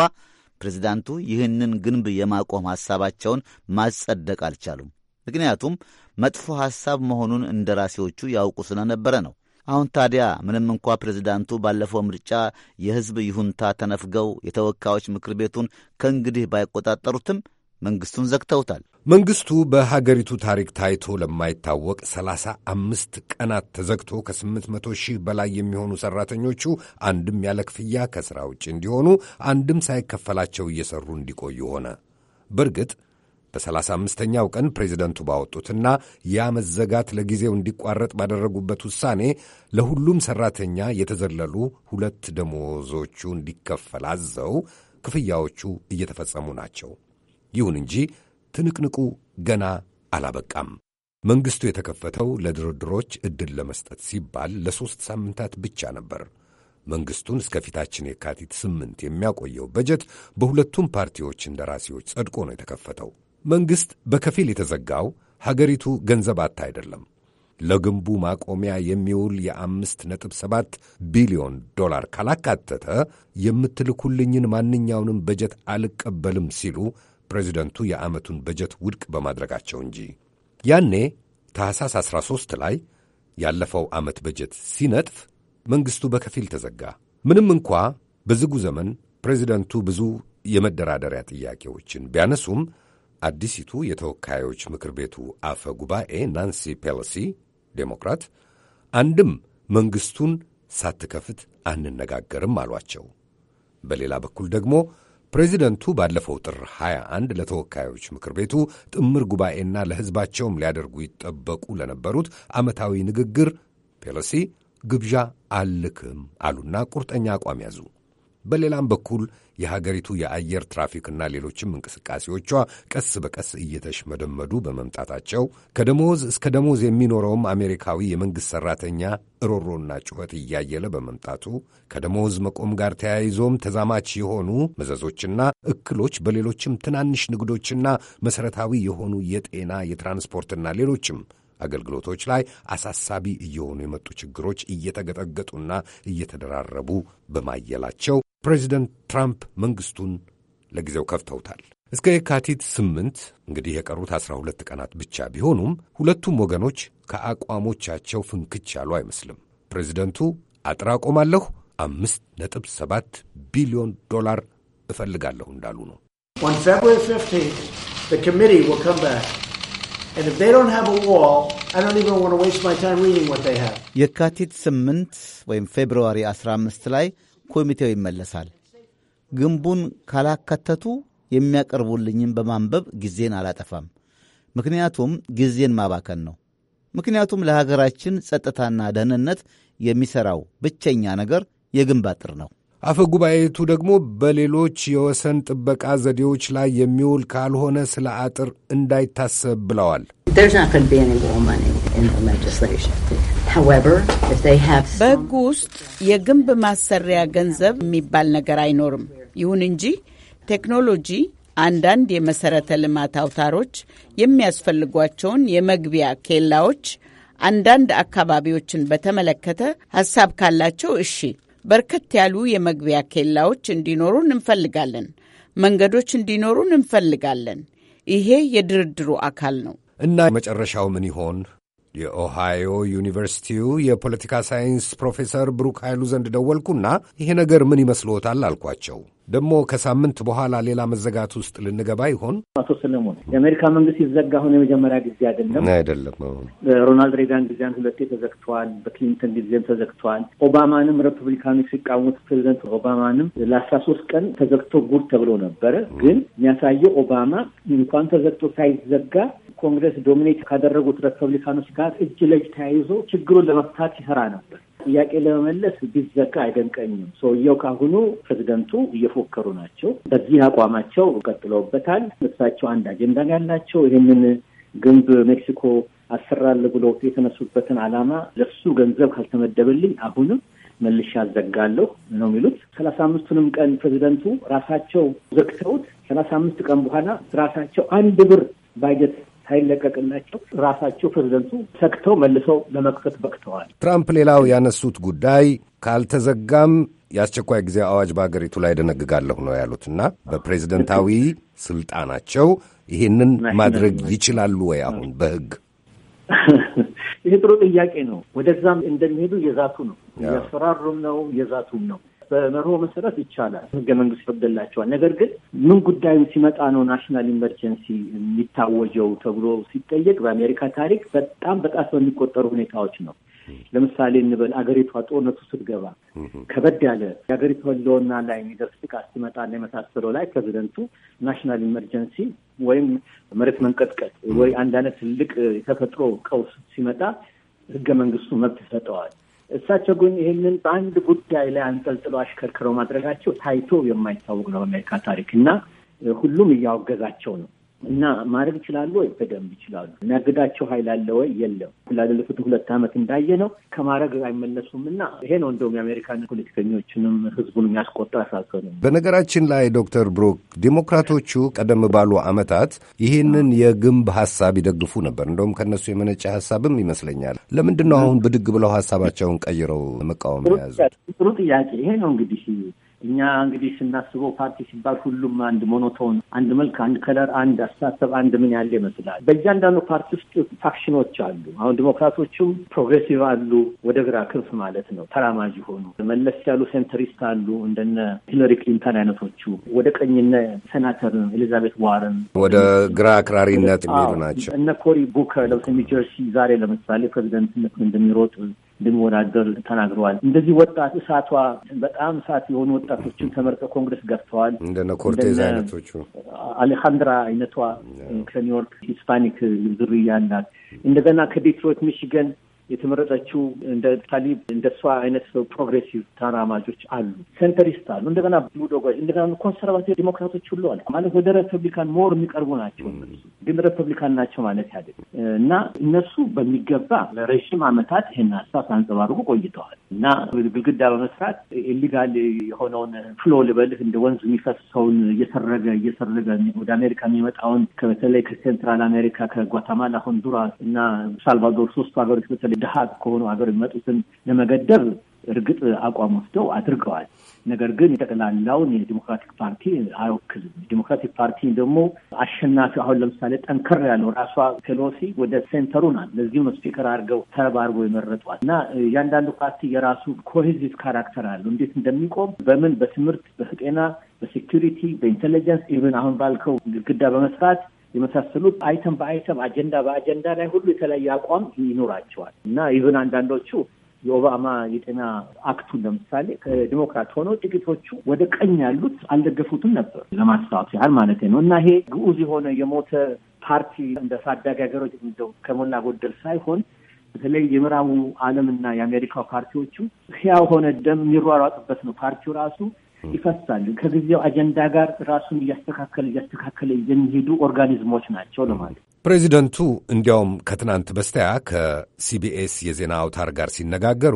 ፕሬዚዳንቱ ይህንን ግንብ የማቆም ሐሳባቸውን ማጸደቅ አልቻሉም። ምክንያቱም መጥፎ ሐሳብ መሆኑን እንደራሴዎቹ ያውቁ ስለነበረ ነው። አሁን ታዲያ ምንም እንኳ ፕሬዚዳንቱ ባለፈው ምርጫ የሕዝብ ይሁንታ ተነፍገው የተወካዮች ምክር ቤቱን ከእንግዲህ ባይቆጣጠሩትም መንግሥቱን ዘግተውታል። መንግሥቱ በሀገሪቱ ታሪክ ታይቶ ለማይታወቅ ሰላሳ አምስት ቀናት ተዘግቶ ከስምንት መቶ ሺህ በላይ የሚሆኑ ሠራተኞቹ አንድም ያለ ክፍያ ከሥራ ውጭ እንዲሆኑ፣ አንድም ሳይከፈላቸው እየሠሩ እንዲቆዩ ሆነ። በእርግጥ በ35ኛው ቀን ፕሬዚደንቱ ባወጡትና ያ መዘጋት ለጊዜው እንዲቋረጥ ባደረጉበት ውሳኔ ለሁሉም ሠራተኛ የተዘለሉ ሁለት ደሞዞቹ እንዲከፈል አዘው ክፍያዎቹ እየተፈጸሙ ናቸው። ይሁን እንጂ ትንቅንቁ ገና አላበቃም። መንግሥቱ የተከፈተው ለድርድሮች ዕድል ለመስጠት ሲባል ለሦስት ሳምንታት ብቻ ነበር። መንግሥቱን እስከ ፊታችን የካቲት ስምንት የሚያቆየው በጀት በሁለቱም ፓርቲዎች እንደራሴዎች ጸድቆ ነው የተከፈተው። መንግሥት በከፊል የተዘጋው ሀገሪቱ ገንዘብ አታ አይደለም። ለግንቡ ማቆሚያ የሚውል የአምስት ነጥብ ሰባት ቢሊዮን ዶላር ካላካተተ የምትልኩልኝን ማንኛውንም በጀት አልቀበልም ሲሉ ፕሬዚደንቱ የዓመቱን በጀት ውድቅ በማድረጋቸው እንጂ ያኔ ታሕሳስ 13 ላይ ያለፈው ዓመት በጀት ሲነጥፍ መንግሥቱ በከፊል ተዘጋ። ምንም እንኳ በዝጉ ዘመን ፕሬዚደንቱ ብዙ የመደራደሪያ ጥያቄዎችን ቢያነሱም አዲሲቱ የተወካዮች ምክር ቤቱ አፈ ጉባኤ ናንሲ ፔሎሲ ዴሞክራት አንድም መንግሥቱን ሳትከፍት አንነጋገርም አሏቸው። በሌላ በኩል ደግሞ ፕሬዚደንቱ ባለፈው ጥር 21 ለተወካዮች ምክር ቤቱ ጥምር ጉባኤና ለሕዝባቸውም ሊያደርጉ ይጠበቁ ለነበሩት ዓመታዊ ንግግር ፔሎሲ ግብዣ አልክም አሉና ቁርጠኛ አቋም ያዙ። በሌላም በኩል የሀገሪቱ የአየር ትራፊክና ሌሎችም እንቅስቃሴዎቿ ቀስ በቀስ እየተሽመደመዱ በመምጣታቸው ከደሞዝ እስከ ደሞዝ የሚኖረውም አሜሪካዊ የመንግሥት ሠራተኛ እሮሮና ጩኸት እያየለ በመምጣቱ ከደሞዝ መቆም ጋር ተያይዞም ተዛማች የሆኑ መዘዞችና እክሎች በሌሎችም ትናንሽ ንግዶችና መሠረታዊ የሆኑ የጤና የትራንስፖርትና ሌሎችም አገልግሎቶች ላይ አሳሳቢ እየሆኑ የመጡ ችግሮች እየተገጠገጡና እየተደራረቡ በማየላቸው ፕሬዚደንት ትራምፕ መንግስቱን ለጊዜው ከፍተውታል። እስከ የካቲት ስምንት እንግዲህ የቀሩት አስራ ሁለት ቀናት ብቻ ቢሆኑም ሁለቱም ወገኖች ከአቋሞቻቸው ፍንክች ያሉ አይመስልም። ፕሬዚደንቱ አጥር አቆማለሁ፣ አምስት ነጥብ ሰባት ቢሊዮን ዶላር እፈልጋለሁ እንዳሉ ነው። On February 15th, the committee will come back And if they they don't don't have have. a wall, I even want to waste my time reading what የካቲት 8 ወይም ፌብርዋሪ 15 ላይ ኮሚቴው ይመለሳል። ግንቡን ካላካተቱ የሚያቀርቡልኝም በማንበብ ጊዜን አላጠፋም። ምክንያቱም ጊዜን ማባከን ነው። ምክንያቱም ለሀገራችን ጸጥታና ደህንነት የሚሠራው ብቸኛ ነገር የግንብ አጥር ነው። አፈ ጉባኤቱ ደግሞ በሌሎች የወሰን ጥበቃ ዘዴዎች ላይ የሚውል ካልሆነ ስለ አጥር እንዳይታሰብ ብለዋል። በሕጉ ውስጥ የግንብ ማሰሪያ ገንዘብ የሚባል ነገር አይኖርም። ይሁን እንጂ ቴክኖሎጂ አንዳንድ የመሰረተ ልማት አውታሮች የሚያስፈልጓቸውን የመግቢያ ኬላዎች አንዳንድ አካባቢዎችን በተመለከተ ሀሳብ ካላቸው እሺ በርከት ያሉ የመግቢያ ኬላዎች እንዲኖሩን እንፈልጋለን። መንገዶች እንዲኖሩን እንፈልጋለን። ይሄ የድርድሩ አካል ነው እና መጨረሻው ምን ይሆን? የኦሃዮ ዩኒቨርሲቲው የፖለቲካ ሳይንስ ፕሮፌሰር ብሩክ ኃይሉ ዘንድ ደወልኩና ይሄ ነገር ምን ይመስልዎታል አልኳቸው። ደግሞ ከሳምንት በኋላ ሌላ መዘጋት ውስጥ ልንገባ ይሆን? አቶ ሰለሞን፣ የአሜሪካ መንግስት ይዘጋ አሁን የመጀመሪያ ጊዜ አይደለም አይደለም። በሮናልድ ሬጋን ጊዜያን ሁለቴ ተዘግተዋል። በክሊንተን ጊዜም ተዘግተዋል። ኦባማንም ሪፐብሊካኖች ሲቃወሙት ፕሬዚደንት ኦባማንም ለአስራ ሶስት ቀን ተዘግቶ ጉድ ተብሎ ነበረ። ግን የሚያሳየው ኦባማ እንኳን ተዘግቶ ሳይዘጋ ኮንግረስ ዶሚኔት ካደረጉት ሪፐብሊካኖች ጋር እጅ ለእጅ ተያይዞ ችግሩን ለመፍታት ይሰራ ነበር። ጥያቄ ለመመለስ ቢዘካ አይደንቀኝም። ሰውየው ካሁኑ ፕሬዚደንቱ እየፎከሩ ናቸው። በዚህ አቋማቸው ቀጥለውበታል። እሳቸው አንድ አጀንዳ ያላቸው ይህንን ግንብ ሜክሲኮ አሰራል ብሎ የተነሱበትን ዓላማ ለሱ ገንዘብ ካልተመደበልኝ አሁንም መልሻ አዘጋለሁ ነው የሚሉት። ሰላሳ አምስቱንም ቀን ፕሬዚደንቱ ራሳቸው ዘግተውት ሰላሳ አምስት ቀን በኋላ ራሳቸው አንድ ብር ባጀት ሳይለቀቅላቸው ራሳቸው ፕሬዚደንቱ ሰክተው መልሰው ለመክፈት በቅተዋል። ትራምፕ ሌላው ያነሱት ጉዳይ ካልተዘጋም የአስቸኳይ ጊዜ አዋጅ በሀገሪቱ ላይ ደነግጋለሁ ነው ያሉትና በፕሬዚደንታዊ ስልጣናቸው ይሄንን ማድረግ ይችላሉ ወይ? አሁን በህግ ይህ ጥሩ ጥያቄ ነው። ወደዛም እንደሚሄዱ እየዛቱ ነው፣ እያስፈራሩም ነው፣ እየዛቱም ነው። በመርሆ መሰረት ይቻላል፣ ህገ መንግስት ይፈቅድላቸዋል። ነገር ግን ምን ጉዳዩ ሲመጣ ነው ናሽናል ኢመርጀንሲ የሚታወጀው ተብሎ ሲጠየቅ በአሜሪካ ታሪክ በጣም በጣት በሚቆጠሩ ሁኔታዎች ነው። ለምሳሌ እንበል አገሪቷ ጦርነቱ ስትገባ ከበድ ያለ የአገሪቷ ህልውና ላይ የሚደርስ ጥቃት ሲመጣና የመሳሰለው ላይ ፕሬዚደንቱ ናሽናል ኢመርጀንሲ ወይም መሬት መንቀጥቀጥ ወይ አንድ አይነት ትልቅ የተፈጥሮ ቀውስ ሲመጣ ህገ መንግስቱ መብት ይሰጠዋል። እሳቸው ግን ይህንን በአንድ ጉዳይ ላይ አንጠልጥሎ አሽከርክረው ማድረጋቸው ታይቶ የማይታወቅ ነው በአሜሪካ ታሪክ እና ሁሉም እያወገዛቸው ነው። እና ማድረግ ይችላሉ ወይ? በደንብ ይችላሉ። የሚያግዳቸው ኃይል አለ ወይ? የለም። ላለፉት ሁለት ዓመት እንዳየ ነው ከማድረግ አይመለሱም። እና ይሄ ነው እንደውም የአሜሪካን ፖለቲከኞችንም ህዝቡን የሚያስቆጣ ሳሰኑ። በነገራችን ላይ ዶክተር ብሩክ ዲሞክራቶቹ ቀደም ባሉ ዓመታት ይህንን የግንብ ሀሳብ ይደግፉ ነበር። እንደውም ከእነሱ የመነጨ ሀሳብም ይመስለኛል። ለምንድን ነው አሁን ብድግ ብለው ሀሳባቸውን ቀይረው መቃወም የያዙት? ጥሩ ጥያቄ። ይሄ ነው እንግዲህ እኛ እንግዲህ ስናስበው ፓርቲ ሲባል ሁሉም አንድ ሞኖቶን፣ አንድ መልክ፣ አንድ ከለር፣ አንድ አስተሳሰብ፣ አንድ ምን ያለ ይመስላል። በእያንዳንዱ ፓርቲ ውስጥ ፋክሽኖች አሉ። አሁን ዲሞክራቶቹም ፕሮግሬሲቭ አሉ፣ ወደ ግራ ክንፍ ማለት ነው፣ ተራማጅ የሆኑ መለስ ያሉ ሴንትሪስት አሉ፣ እንደነ ሂለሪ ክሊንተን አይነቶቹ፣ ወደ ቀኝነ ሴናተር ኤሊዛቤት ዋረን ወደ ግራ አክራሪነት የሚሉ ናቸው። እነ ኮሪ ቡከር ለምሳሌ ዛሬ ለምሳሌ ፕሬዚደንትነት እንደሚሮጡ እንደሚወዳደር ተናግረዋል። እንደዚህ ወጣት እሳቷ በጣም እሳት የሆኑ ወጣቶችን ተመርጠው ኮንግረስ ገብተዋል። እንደነ ኮርቴዝ አይነቶቹ አሌካንድራ አይነቷ ከኒውዮርክ ሂስፓኒክ ዝርያ ናት። እንደገና ከዴትሮይት ሚሽገን የተመረጠችው እንደ ታሊብ እንደሷ አይነት ፕሮግሬሲቭ ተራማጆች አሉ፣ ሴንተሪስት አሉ፣ እንደገና ቡዶጓ፣ እንደገና ኮንሰርቫቲቭ ዲሞክራቶች ሁሉ አሉ። ማለት ወደ ሪፐብሊካን ሞር የሚቀርቡ ናቸው። ግን ሪፐብሊካን ናቸው ማለት ያደ እና እነሱ በሚገባ ለረዥም ዓመታት ይህን ሀሳብ አንጸባርቁ ቆይተዋል እና ግድግዳ በመስራት ኢሊጋል የሆነውን ፍሎ ልበልህ እንደ ወንዝ የሚፈሰውን እየሰረገ እየሰረገ ወደ አሜሪካ የሚመጣውን በተለይ ከሴንትራል አሜሪካ ከጓተማላ፣ ሆንዱራስ እና ሳልቫዶር ሶስቱ ሀገሮች በተለይ ድሀ ከሆኑ ሀገር የሚመጡትን ለመገደብ እርግጥ አቋም ወስደው አድርገዋል። ነገር ግን የጠቅላላውን የዲሞክራቲክ ፓርቲ አይወክልም። ዲሞክራቲክ ፓርቲ ደግሞ አሸናፊ አሁን ለምሳሌ ጠንከር ያለው ራሷ ፔሎሲ ወደ ሴንተሩ ናት። ለዚሁ ነው ስፒከር አድርገው ተረባርበው የመረጧል። እና እያንዳንዱ ፓርቲ የራሱ ኮሄዚቭ ካራክተር አለው። እንዴት እንደሚቆም በምን በትምህርት፣ በጤና፣ በሴኪሪቲ፣ በኢንቴሊጀንስ ኢቨን አሁን ባልከው ግድግዳ በመስራት የመሳሰሉት አይተም በአይተም አጀንዳ በአጀንዳ ላይ ሁሉ የተለያየ አቋም ይኖራቸዋል እና ይሁን አንዳንዶቹ የኦባማ የጤና አክቱን ለምሳሌ ከዲሞክራት ሆኖ ጥቂቶቹ ወደ ቀኝ ያሉት አልደገፉትም ነበር፣ ለማስታወስ ያህል ማለት ነው። እና ይሄ ግዑዝ የሆነ የሞተ ፓርቲ እንደ ሳዳጊ ሀገሮች እንደው ከሞላ ጎደል ሳይሆን በተለይ የምዕራቡ ዓለምና የአሜሪካ ፓርቲዎቹ ሕያው ሆነ ደም የሚሯሯጥበት ነው ፓርቲው ራሱ ይፈሳሉ። ከጊዜው አጀንዳ ጋር ራሱን እያስተካከለ እያስተካከለ የሚሄዱ ኦርጋኒዝሞች ናቸው ለማለት ፕሬዚደንቱ እንዲያውም ከትናንት በስቲያ ከሲቢኤስ የዜና አውታር ጋር ሲነጋገሩ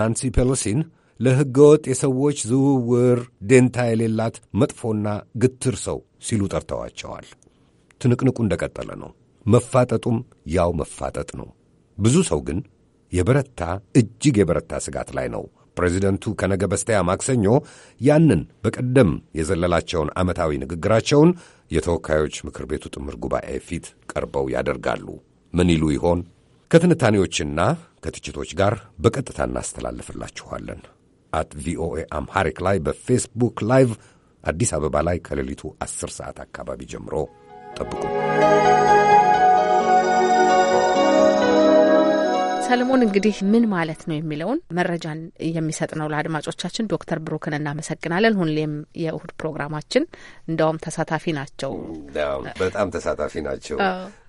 ናንሲ ፔሎሲን ለሕገወጥ የሰዎች ዝውውር ደንታ የሌላት መጥፎና ግትር ሰው ሲሉ ጠርተዋቸዋል። ትንቅንቁ እንደቀጠለ ነው። መፋጠጡም ያው መፋጠጥ ነው። ብዙ ሰው ግን የበረታ እጅግ የበረታ ስጋት ላይ ነው። ፕሬዚደንቱ ከነገ በስቲያ ማክሰኞ ያንን በቀደም የዘለላቸውን ዓመታዊ ንግግራቸውን የተወካዮች ምክር ቤቱ ጥምር ጉባኤ ፊት ቀርበው ያደርጋሉ። ምን ይሉ ይሆን? ከትንታኔዎችና ከትችቶች ጋር በቀጥታ እናስተላልፍላችኋለን። አት ቪኦኤ አምሃሪክ ላይ በፌስቡክ ላይቭ አዲስ አበባ ላይ ከሌሊቱ 10 ሰዓት አካባቢ ጀምሮ ጠብቁ። ሰለሞን እንግዲህ ምን ማለት ነው የሚለውን መረጃን የሚሰጥ ነው ለአድማጮቻችን። ዶክተር ብሩክን እናመሰግናለን። ሁሌም የእሁድ ፕሮግራማችን እንደውም ተሳታፊ ናቸው፣ በጣም ተሳታፊ ናቸው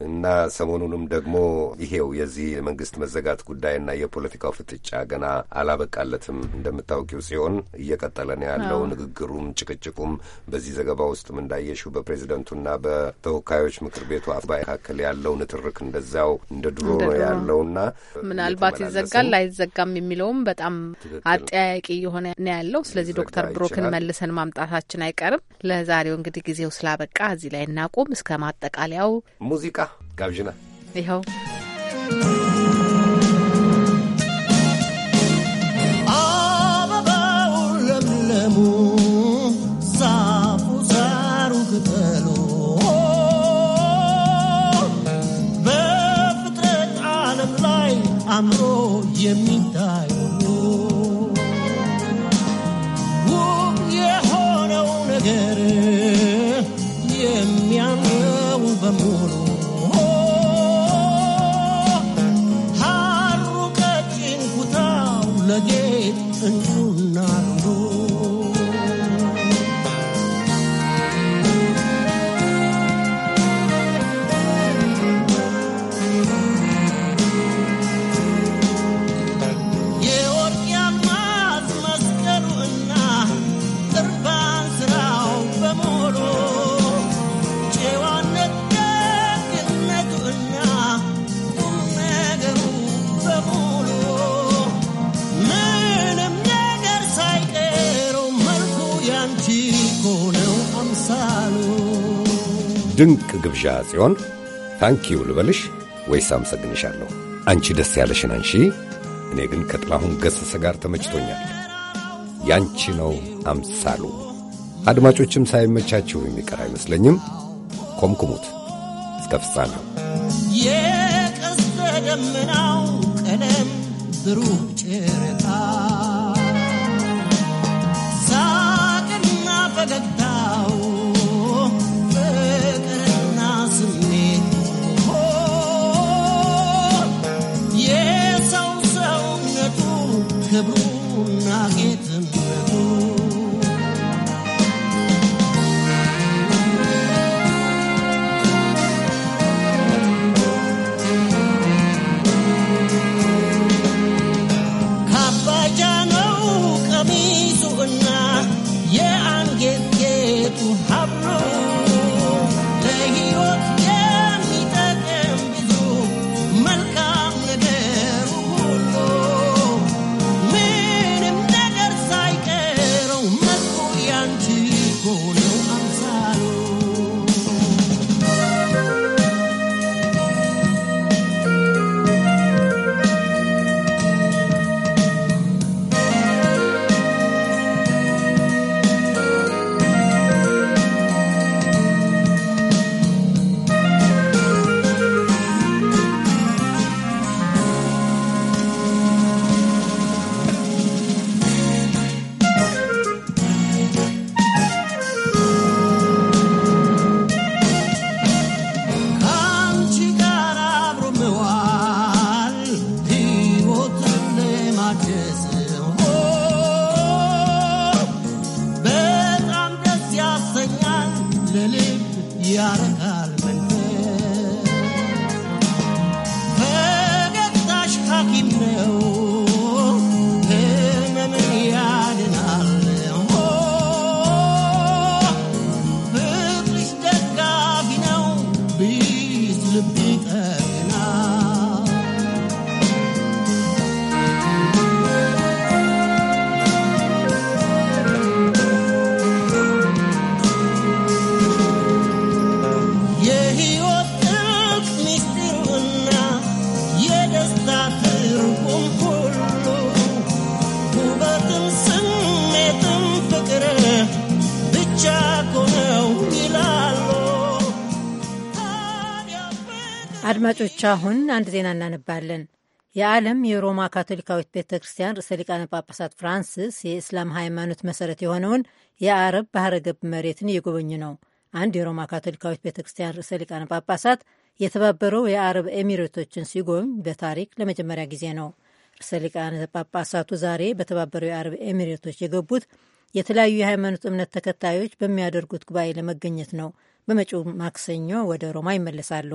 እና ሰሞኑንም ደግሞ ይሄው የዚህ የመንግስት መዘጋት ጉዳይና የፖለቲካው ፍጥጫ ገና አላበቃለትም እንደምታውቂው ሲሆን እየቀጠለ ነው ያለው ንግግሩም ጭቅጭቁም። በዚህ ዘገባ ውስጥም እንዳየሽው በፕሬዚደንቱና በተወካዮች ምክር ቤቱ መካከል ያለው ንትርክ እንደዚያው እንደ ድሮ ነው ያለውና ምናልባት ይዘጋል ላይዘጋም የሚለውም በጣም አጠያያቂ የሆነ ነው ያለው። ስለዚህ ዶክተር ብሮክን መልሰን ማምጣታችን አይቀርም። ለዛሬው እንግዲህ ጊዜው ስላበቃ እዚህ ላይ እናቁም። እስከ ማጠቃለያው ሙዚቃ ጋብዥና ይኸው ድንቅ ግብዣ ጽዮን፣ ታንኪው ልበልሽ ወይስ አመሰግንሻለሁ? አንቺ ደስ ያለሽን አንሺ። እኔ ግን ከጥላሁን ገሰሰ ጋር ተመችቶኛል። ያንቺ ነው አምሳሉ። አድማጮችም ሳይመቻችሁ የሚቀር አይመስለኝም። ኮምኩሙት እስከ ፍጻሜው። የቀስተ ደመናው ቀለም ብሩህ ጨረቃ ሳቅና ፈገግ I get Nagitan Rebu. አድማጮች አሁን አንድ ዜና እናነባለን። የዓለም የሮማ ካቶሊካዊት ቤተ ክርስቲያን ርዕሰ ሊቃነ ጳጳሳት ፍራንስስ የእስላም ሃይማኖት መሰረት የሆነውን የአረብ ባህረ ገብ መሬትን እየጎበኙ ነው። አንድ የሮማ ካቶሊካዊት ቤተ ክርስቲያን ርዕሰ ሊቃነ ጳጳሳት የተባበረው የአረብ ኤሚሬቶችን ሲጎብኝ በታሪክ ለመጀመሪያ ጊዜ ነው። ርዕሰ ሊቃነ ጳጳሳቱ ዛሬ በተባበረው የአረብ ኤሚሬቶች የገቡት የተለያዩ የሃይማኖት እምነት ተከታዮች በሚያደርጉት ጉባኤ ለመገኘት ነው። በመጪው ማክሰኞ ወደ ሮማ ይመለሳሉ።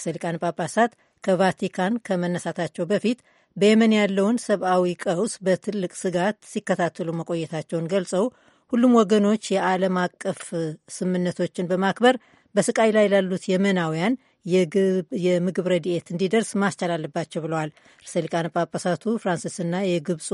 ርዕሰ ሊቃነ ጳጳሳት ከቫቲካን ከመነሳታቸው በፊት በየመን ያለውን ሰብአዊ ቀውስ በትልቅ ስጋት ሲከታተሉ መቆየታቸውን ገልጸው ሁሉም ወገኖች የዓለም አቀፍ ስምምነቶችን በማክበር በስቃይ ላይ ላሉት የመናውያን የምግብ ረድኤት እንዲደርስ ማስቻል አለባቸው ብለዋል። ርዕሰ ሊቃነ ጳጳሳቱ ፍራንሲስና የግብፁ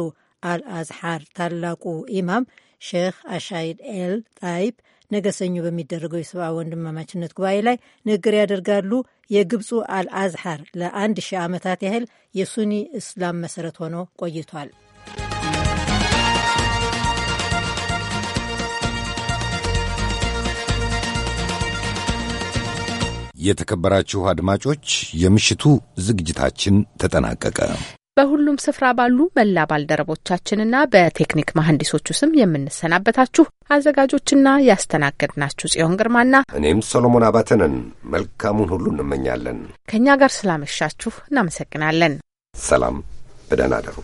አልአዝሐር ታላቁ ኢማም ሼክ አሻይድ ኤል ጣይብ ነገ ሰኞ በሚደረገው የሰብአዊ ወንድማማችነት ጉባኤ ላይ ንግግር ያደርጋሉ። የግብፁ አልአዝሐር ለአንድ ሺህ ዓመታት ያህል የሱኒ እስላም መሰረት ሆኖ ቆይቷል። የተከበራችሁ አድማጮች፣ የምሽቱ ዝግጅታችን ተጠናቀቀ። በሁሉም ስፍራ ባሉ መላ ባልደረቦቻችንና በቴክኒክ መሐንዲሶቹ ስም የምንሰናበታችሁ አዘጋጆችና ያስተናገድናችሁ ጽዮን ግርማና እኔም ሶሎሞን አባተንን መልካሙን ሁሉ እንመኛለን። ከእኛ ጋር ስላመሻችሁ እናመሰግናለን። ሰላም፣ በደህና አደሩ።